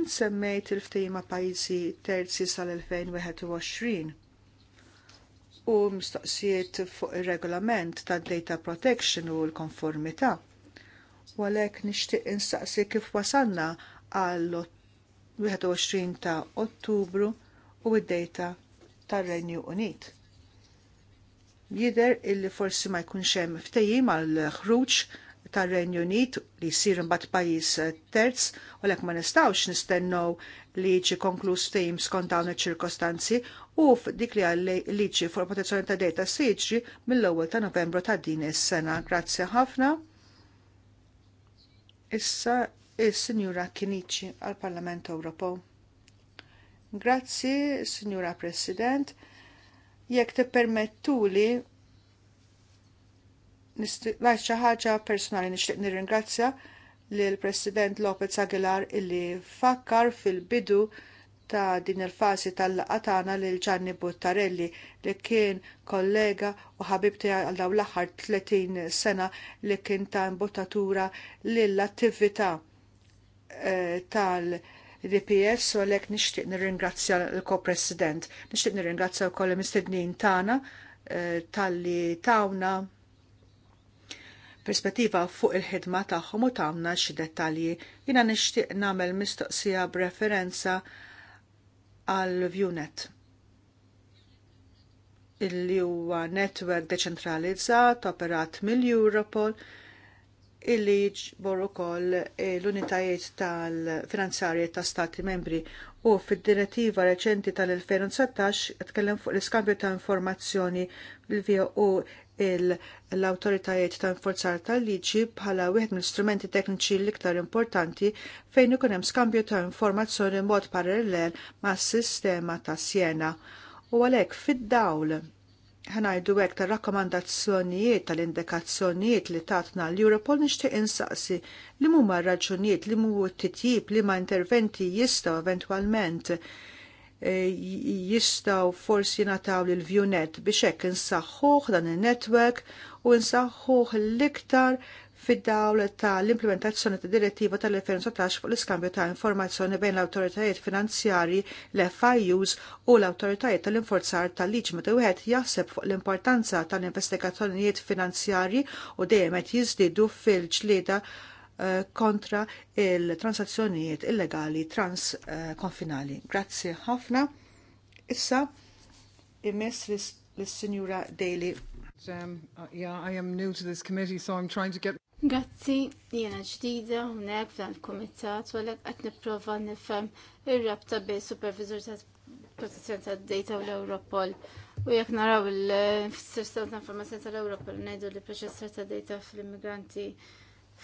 Insemmejt il-ftejma pajjiżi terzi sal-2021 u mistoqsijiet fuq ir regolament tad data protection u l-konformità. U għalhekk nixtieq instaqsi kif wasalna għall 21 ta' Ottubru u id-dejta tar-Renju Unit. Jider illi forsi ma jkunx hemm ftehim għal ħruġ tar-Renju Unit li jsir imbagħad pajjiż terz u lek ma nistgħux nistennew li jiġi konkluż ftehim skont dawn ċirkostanzi u f'dik li għal liġi fuq protezzjoni ta' dejta se mill-ewwel ta' Novembru ta' din is-sena. Grazzi ħafna. Issa il-Sinjura Kinici għal-Parlament Ewropew. Grazzi, Sinjura President, jekk tippermettuli lajt xi ħaġa personali nixtieq nirringrazzja l President Lopez Aguilar illi fakkar fil-bidu ta' din il-fasi tal-laqa li lil Gianni Buttarelli li kien kollega u ħabibti għal dawn l-aħħar 30 sena li kien ta' imbottatura lill-attività Eh, tal- dps u għalek nishtiq nir-ringrazzja l-ko-president. Nishtiq nir-ringrazzja u koll mistednin tana eh, tal-li tawna perspettiva fuq il-ħidma tagħhom u tawna xi dettalji. Jina nixtieq nagħmel mistoqsija b'referenza għal ViewNet illi huwa netwerk deċentralizzat operat mill-Europol illi jiġbor ukoll eh, l-unitajiet tal-finanzarji ta' stati membri u fid-direttiva reċenti tal-2019 tkellem fuq l-iskambju ta' informazzjoni bil-vija u l-autoritajiet ta' forzar tal-liġi bħala wieħed mill-istrumenti tekniċi l-iktar importanti fejn ikun hemm skambju ta' informazzjoni mod parallel ma' sistema ta' Siena. U għalhekk fid-dawl ħanajdu hekk ta' rakkomandazzjonijiet tal-indikazzjonijiet li tatna l-Europol nixtieq insaqsi li huma raġunijiet li mu titjib li ma' interventi jistgħu eventwalment e, jistgħu forsi li l vjunet biex hekk insaħħuh dan in netwerk u nsaħħuh l-iktar fid-dawl ta' l implementazzjoni ta' direttiva tal 2016 fuq l-iskambju ta' informazzjoni bejn l-autoritajiet finanzjari, l-FIUs u l-autoritajiet tal-inforzar tal-liġi meta wieħed jaħseb fuq l-importanza tal-investigazzjonijiet finanzjari u dejjem qed jiżdiedu fil-ġlieda eh, kontra il-transazzjonijiet illegali transkonfinali. Eh, Grazzi ħafna. Issa imess l sinjura Daily Um, uh, yeah, I am new to this committee, so I'm trying to get... Grazzi, jiena ġdida hawnhekk f'dan il-kumitat u għalhekk qed nipprova nifhem ir-rabta bi supervisor ta' protezzjoni tad-data u l-Europol. U jekk naraw il-sistema ta' informazzjoni tal-Europol ngħidu li proċessar ta' data fl-immigranti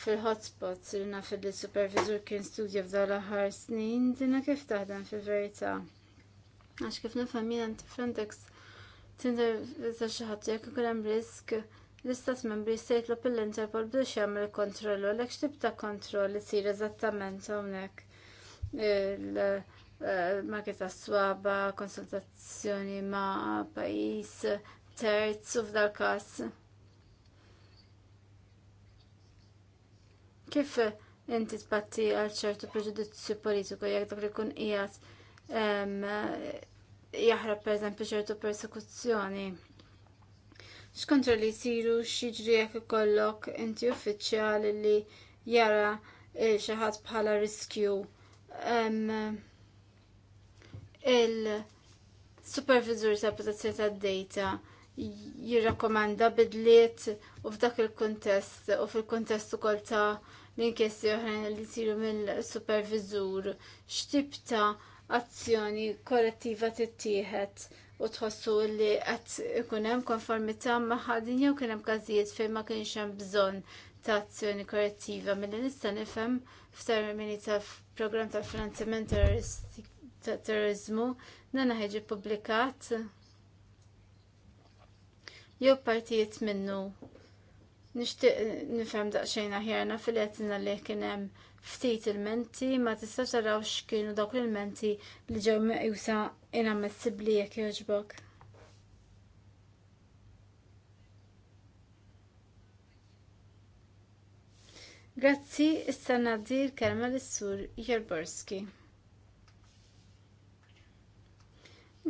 fil-hotspots li naf li supervisor kien studja f'dawn l-aħħar snin, dinna kif taħdem fil-verità. Għax kif nifhem jiena Frontex tinter xi ħadd jekk ikun hemm risk l-istat membri jistajtlu pill interpol biex kontroll kontrollu l x'tib ta' kontroll isir eżattament hawnhekk il eh, marki ta' swaba, konsultazzjoni ma' pajjiż terz u f'dal każ. Kif inti tbatti għal ċertu preġudizzju politiku jekk dak li jkun qiegħed jaħrab pereżempju ċertu persekuzzjoni? x'kontrolli jsiru x'jiġri jekk ikollok inti uffiċjali li jara xi ħadd bħala riskju. Il-supervisur ta' protezzjoni tad-data jirrakkomanda bidliet u f'dak il-kontest u fil-kontest ukoll ta' l-inkjesti oħrajn li jsiru mill superviżur x'tib ta' azzjoni korrettiva tittieħed u tħossu li qed ikun hemm konformità ma' u jew kien hemm każijiet fejn ma kienx hemm bżonn ta' azzjoni korrettiva milli mela nista' nifhem f'termini ta' programm ta' finanziament ta' terrorizmu nana ħeġi ppubblikat jew partijiet minnu Nixtieq nifhem daqsxejn aħjarna fil-qed li kien hemm ftit il-menti ma tistax taraw x'kienu dawk il-menti li ġew meqjusa messibli jekk jogħġbok. Grazzi, issa ngħaddi l-kelma lis-sur Jerborski.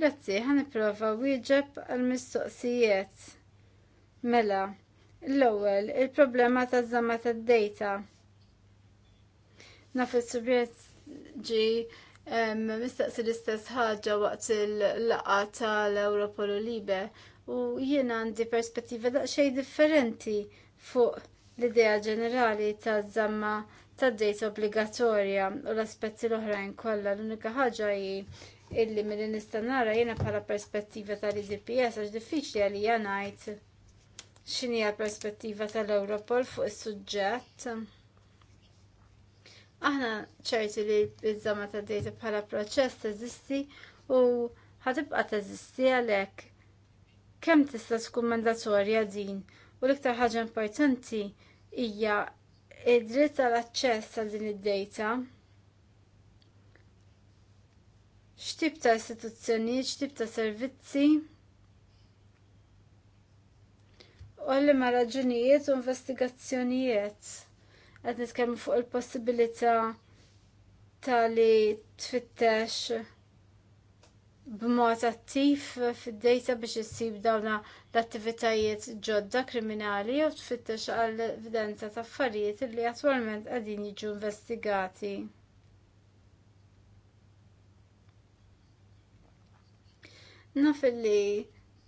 Grazzi, ħan ipprova wieġeb għal mistoqsijiet Mela, L-ewwel, il-problema taż żamma tad-data. Naf is-subjett ġi mistaqsi l-istess ħaġa waqt il-laqgħa tal-Ewropol u Libe u jiena għandi perspettiva daqsxejn differenti fuq l-idea ġenerali ta' żamma tad-data obbligatorja u l-aspetti l-oħrajn kollha l-unika ħaġa hi illi mill nista nara jiena bħala perspettiva tal-IDPS għax diffiċli għalija ngħid x'inhi l-perspettiva tal-Europol fuq is-suġġett. Aħna ċerti li l-biżama ta' data bħala proċess teżisti u ħatibqa' teżisti għalhekk kemm tista' tkun mandatorja din u l-iktar ħaġa importanti hija id-dritt tal-aċċess għal din id-data. X'tip ta' istituzzjonijiet, x'tip ta' servizzi? Olli ma raġunijiet u investigazzjonijiet. Għad nitkellmu fuq il-possibilità tali tfittex b'mod attiv fid-dejta biex issib dawna l-attivitajiet ġodda kriminali u tfittex għall evidenza ta' affarijiet li attwalment qegħdin jiġu investigati. Naf li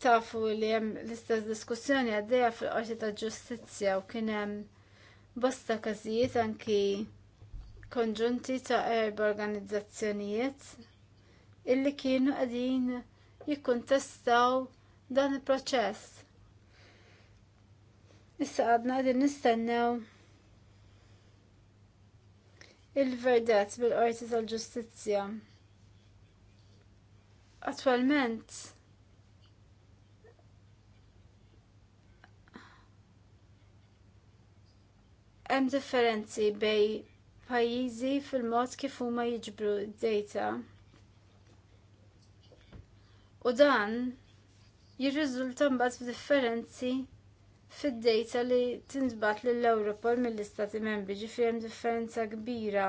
tafu li hemm l-istess diskussjoni għaddejja fil-qorti ta' ġustizzja u kien hemm bosta każijiet anki konġunti ta' erba organizzazzjonijiet illi kienu qegħdin jikkuntestaw dan il-proċess. Issa għadna qegħdin nistennew il-verdett bil-qorti tal-ġustizzja. Attualment, Hemm differenzi bej pajjiżi fil-mod kif huma jiġbru d-data. U dan jirriżulta mbagħad f'differenzi fid-data li tintbagħat lill europol mill-Istati Membri ġifier hemm differenza kbira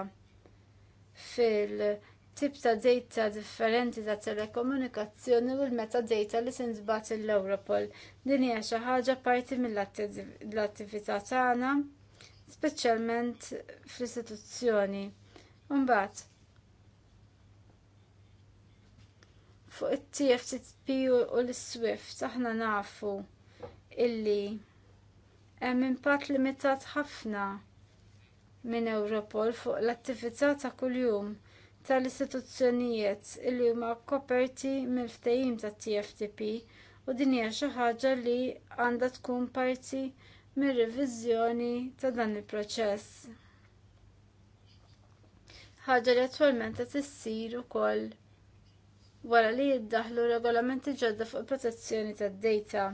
fil-tip ta' data differenti ta' telekomunikazzjoni u l-metadata li tintbagħat lill europol Din hija xi ħaġa parti mill-attività tagħna speċjalment fl-istituzzjoni. Mbagħad fuq it-TFTP u l-Swift aħna nafu illi hemm impatt limitat ħafna minn Europol fuq l-attività ta' kuljum tal-istituzzjonijiet illi huma koperti mill-ftehim tat-TFTP u din hija xi ħaġa li għandha tkun parti mir revizjoni ta' dan il-proċess. Ħaġa li attwalment qed issir ukoll wara li jiddaħlu regolamenti ġodda fuq protezzjoni tad-data.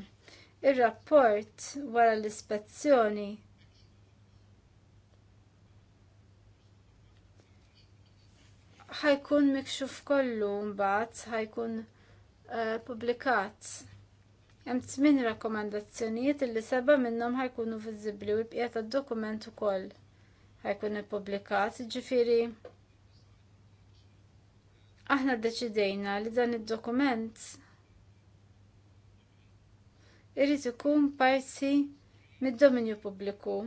Ir-rapport wara l-ispezzjoni ħajkun mikxuf kollu mbagħad ħajkun uh, publikat. Hemm tmien rakkomandazzjonijiet illi seba' minnhom ħajkunu viżibbli u l-bqija tad-dokument ukoll ħajkun ippubblikat, ġifieri aħna ddeċidejna li dan id-dokument irid ikun parti mid-dominju pubbliku.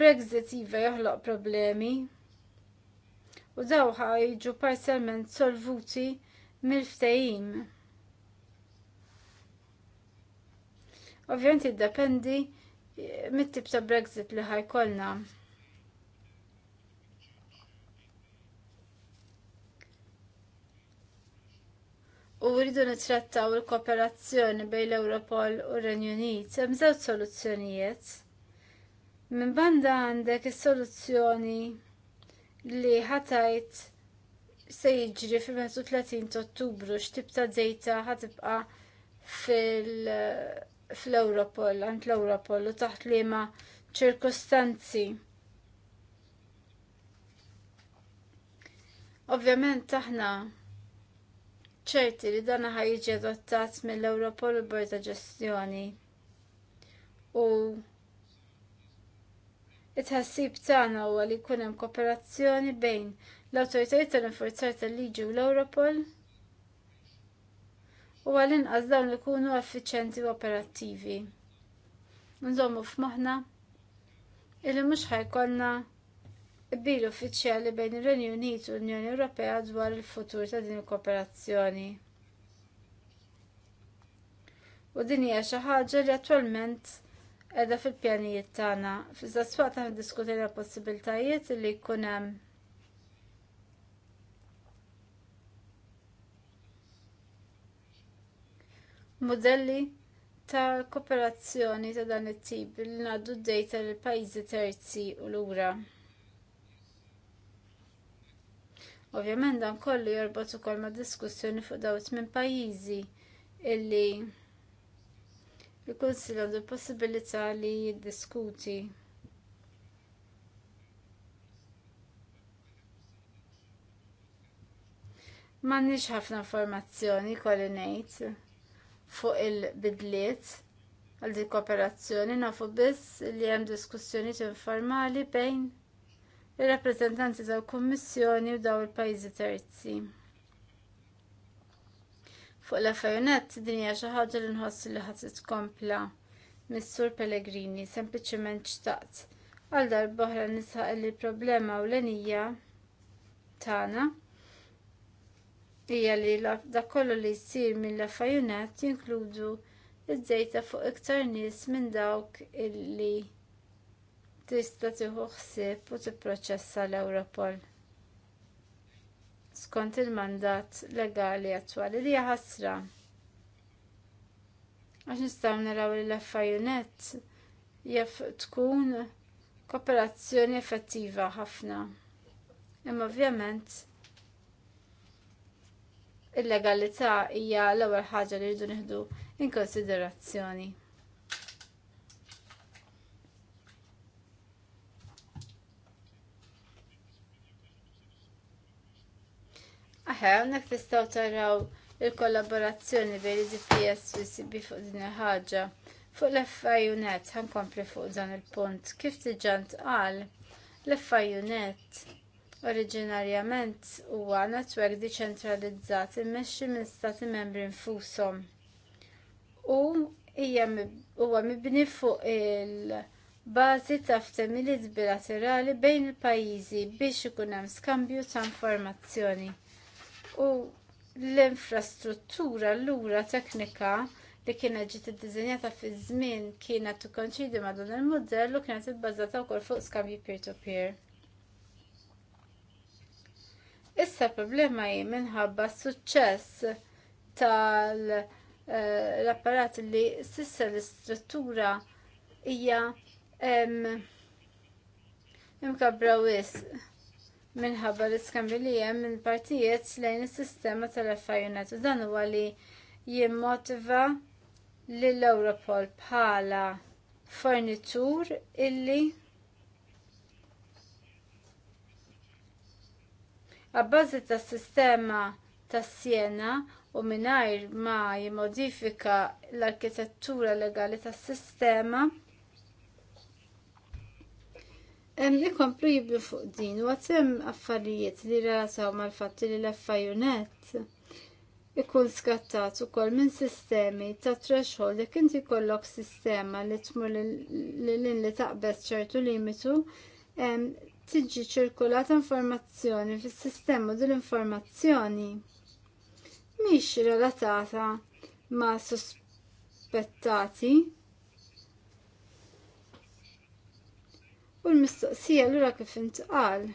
Brexit iva joħloq problemi u daw ħajġu parzialment solvuti mill-ftehim Ovvjament dependi eh, mit-tip ta' Brexit li ħajkolna. U rridu nitrattaw il-kooperazzjoni bejn l-Europol u r-Renju Unit hemm żewġ soluzzjonijiet. Minn banda għandek is-soluzzjoni li ħatajt se jiġri fil-31 Ottubru x'tib ta' dejta ħatibqa' fil- fl-Europol, għand l-Europol u taħt liema ċirkustanzi. Ovvjament aħna ċerti li dan ħajġi adottat mill-Europol u Borda Ġestjoni. U it-ħassib taħna u li kooperazzjoni bejn l autoritajt tal-infurzar tal-liġi u l-Europol u għalin inqas li kunu effiċenti u operattivi. Nżommu f'moħħna illi mhux ħajkonna bil uffiċjali bejn ir-Renju Unit u l-Unjoni Ewropea dwar il-futur ta' din il-kooperazzjoni. U din hija xi ħaġa li attwalment qiegħda fil-pjanijiet tagħna. Fiżda swaqt aħna diskutejna possibiltajiet li jkun hemm modelli ta' kooperazzjoni ta' dan it-tip li ngħaddu d-dejta l pajjiżi terzi u lura. Ovvjament dan kollu jorbot ukoll ma' diskussjoni fuq dawt minn pajjiżi illi l-Kunsill għandu l-possibilità li jiddiskuti. M'għandniex ħafna informazzjoni kolli ngħid fuq il-bidliet għal dik kooperazzjoni nafu biss li hemm diskussjonijiet informali bejn ir-rappreżentanti tal-Kummissjoni u daw il-pajjiżi terzi. Fuq l-affajunet din hija xi ħaġa li nħossi li ħadd tkompla mis-Sur Pellegrini sempliċement xtaqt għal darba oħra nisħaq li l-problema ewlenija tagħna hija li dak kollu li jsir mill-affajunet jinkludu id-dejta fuq iktar nies minn dawk illi tista' tieħu ħsieb u tipproċessa l-Europol. Skont il-mandat legali attwali li ħasra. Għax nistgħu naraw li l-affajunet jaf tkun kooperazzjoni effettiva ħafna. Imma ovvjament il-legalità hija l-ewwel ħaġa li rridu nieħdu in konsiderazzjoni. Aħe, hawnhekk tistgħu taraw il-kollaborazzjoni bejn il-GPS u CB fuq din il ħaġa Fuq l-FIUNET, ħankompli fuq dan il-punt. Kif tiġant għal, l-FIUNET Oriġinarjament huwa netwerk diċentralizzat immexxi minn stati membri nfushom. U hija huwa mibni fuq il-bażi ta' ftehimiet bilaterali bejn il-pajjiżi biex ikun hemm skambju ta' informazzjoni. U l-infrastruttura allura teknika li kienet ġiet iddiżenjata fi żmien kienet tikkonċidi ma' il-modell u kienet ibbażata wkoll fuq skambji peer-to-peer. Issa problema jie minħabba suċċess tal-apparat eh, li sissa l-istruttura hija imkabra wisq minħabba l-iskambju li hemm minn partijiet lejn is-sistema tal-affarijiet u dan huwa li jimmotiva lill-Europol bħala fornitur illi Għabbażi ta' sistema ta' Siena u minajr ma jimodifika l-arkitettura legali ta' sistema Ikomplu jiblu fuq din u għatem affarijiet li relataw mal-fatti li l-affajunet ikun skattat u kol minn sistemi ta' threshold li kinti kollok sistema li tmur lin li taqbes ċertu limitu tiġi ċirkulata informazzjoni fis-sistema din l-informazzjoni mhix relatata ma' sospettati u l-mistoqsija lura kif intqal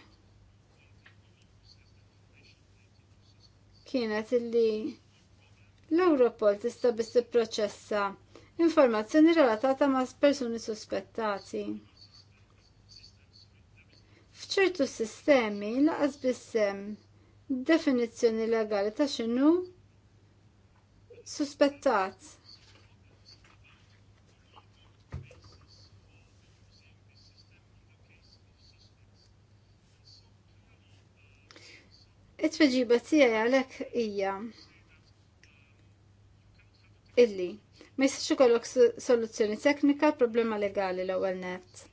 kienet illi l-Europol tista' biss tipproċessa informazzjoni relatata ma' persuni suspettati fċertu sistemi laqas bissem definizzjoni legali ta' xinu suspettat. it-tweġiba tiegħi għalhekk hija illi ma jistax ikollok soluzzjoni teknika problema legali l-ewwel nett.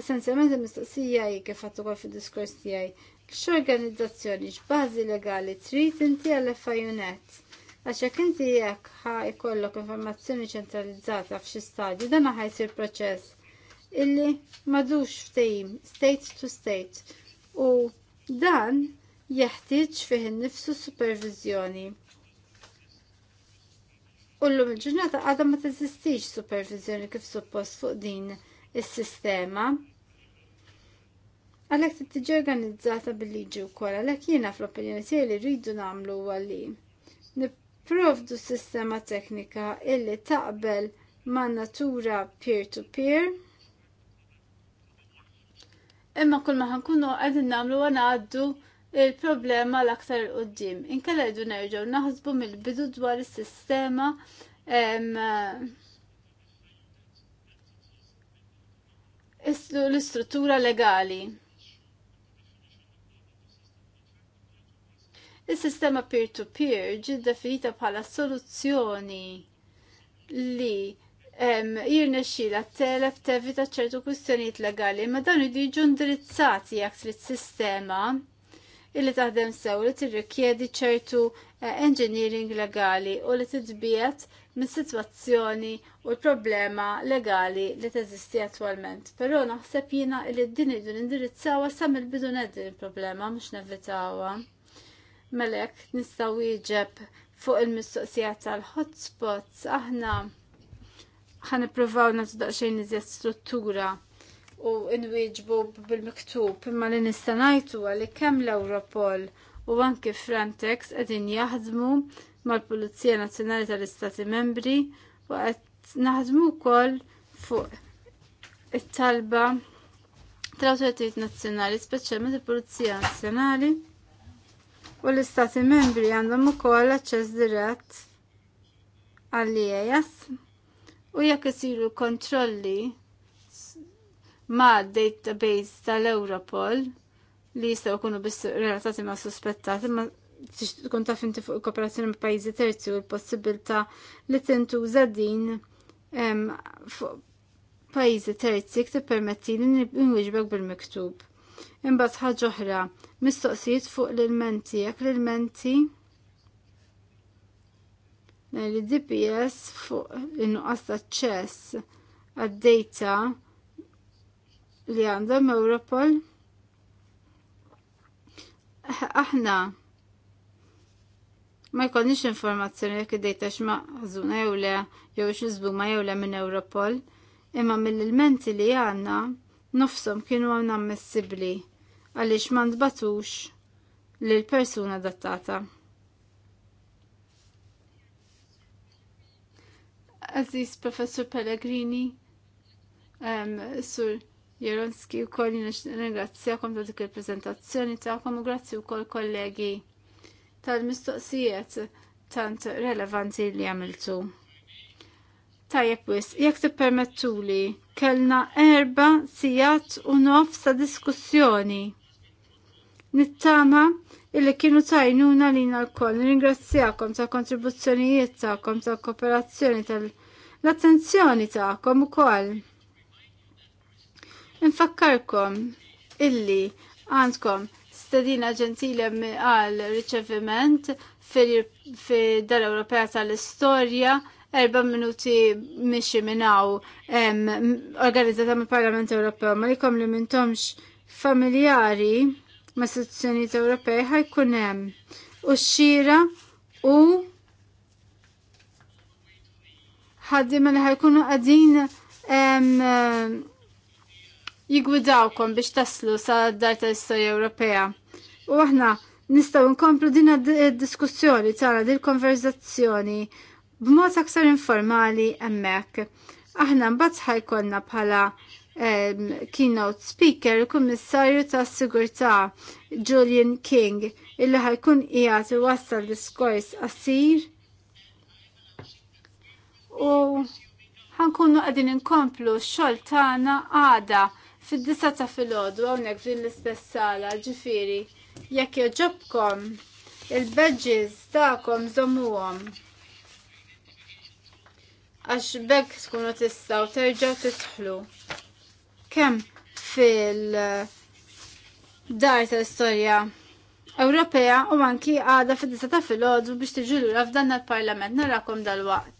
Essenzjalment il-mistoqsija hi kif għattu kol fil-diskors tiegħi x'organizzazzjoni x'bażi legali trid inti għal fajunet għax jekk inti jekk ħa jkollok informazzjoni ċentralizzata f'xi stadju dan ħajsir proċess illi madux ftehim state to state u dan jeħtieġ fih innifsu supervizjoni. U l-lum il-ġurnata għadha ma teżistix supervizjoni kif suppost fuq din il sistema għalhekk t tiġi organizzata bil-liġi wkoll għalhekk jiena fl-opinjoni tiegħi li rridu nagħmlu għalli li sistema teknika illi taqbel ma' natura peer-to-peer imma kull ma ħankunu qegħdin nagħmlu għaddu il-problema l-aktar il-qoddim. Inkella jdu nerġaw naħsbu mill-bidu dwar is-sistema l-istruttura legali. Is-sistema peer-to-peer ġi definita bħala soluzzjoni li jirne xila telef tevita ċertu kustjoniet legali, ma dan jiġu indirizzati jekk trid sistema illi taħdem sew li tirrikjedi ċertu eh, engineering legali u li tidbiet minn situazzjoni u l-problema legali li teżisti attualment. Però naħseb jiena li din idu nindirizzawa sam il bidu din il-problema mhux nevitawa. Melek nistaw iġeb fuq il-mistoqsija tal-hotspots aħna ħanipruvaw nagħtu daqsxejn iżjed struttura u nwieġbu bil-miktub imma li nista' għalli kemm l-Europol u anke Frontex qegħdin jaħdmu mal-Pulizija Nazzjonali tal-Istati Membri u għed Naħdmu wkoll fuq it-talba tal-Awtoritajiet Nazzjonali, speċjalment il-Pulizija Nazzjonali u l-Istati Membri għandhom ukoll aċċess dirett għall-IAS u jekk isiru kontrolli ma' database tal-Europol li jistaw kunu biss relatati ma' suspettati ma' tkun taf inti fuq il-kooperazzjoni ma' pajjiżi terzi u l-possibilità li tintuża din fuq pajjiżi terzi li nwiġbek bil-miktub. Imbat ħaġa oħra, mistoqsijiet fuq l-ilmenti, jek l-ilmenti l-DPS fuq l nuqqas aċċess għad-data li għandhom Europol aħna ma jkollniex informazzjoni jekk id-dejta x'maqżuna jew le jew żbuma jew le minn Europol, imma mill-ilmenti li għandna nofshom kienu għamna ammissibbli għaliex ma ntbatux lil persuna dattata. Aziz Professor Pellegrini, um, Sur Jeronski u koll ringrazzjakom ta' dik il-prezentazzjoni ta' u grazzi u koll kollegi tal-mistoqsijiet tant relevanti li għamiltu. Tajjeb wis, jekk tippermettuli, kellna erba sijat u nofs ta' diskussjoni. Nittama illi kienu tajnuna lina nalkol Ringrazzjakom ta' kontribuzzjonijiet ta'kom, ta' kooperazzjoni, tal-attenzjoni ta'kom u kol. Infakkarkom illi għandkom stedina ġentile għal riċeviment fil-Dar Ewropea tal-Istorja erba minuti mixi minnaw organizzata mill parlament Ewropew ma jkom li mintomx familjari ma istituzzjonijiet Ewropej ħajkun hemm u xxira u ħaddiema li ħajkunu qegħdin jigwidawkom biex taslu sa dar tal-istoria Ewropea. U aħna nistaw nkomplu din id-diskussjoni tara din konverzazzjoni b'mod aktar informali hemmhekk. Aħna mbagħad ħajkonna bħala ehm, keynote speaker il-Kummissarju tas sigurtà Julian King illi ħajkun qiegħed iwassal diskors qasir u ħankunu qegħdin inkomplu x-xogħol tagħna għada fid-disa ta' filgħodu hawnhekk fil l-istess sala, ġifieri, jekk joġobkom il-badges tagħkom żommuhom. Għax bekk tkunu u terġgħu tidħlu. Kemm fil-dar tal istoria Ewropea u anki għada fid-disa ta' filgħodu biex tiġu lura f'dan il-Parlament narakom dal-waqt.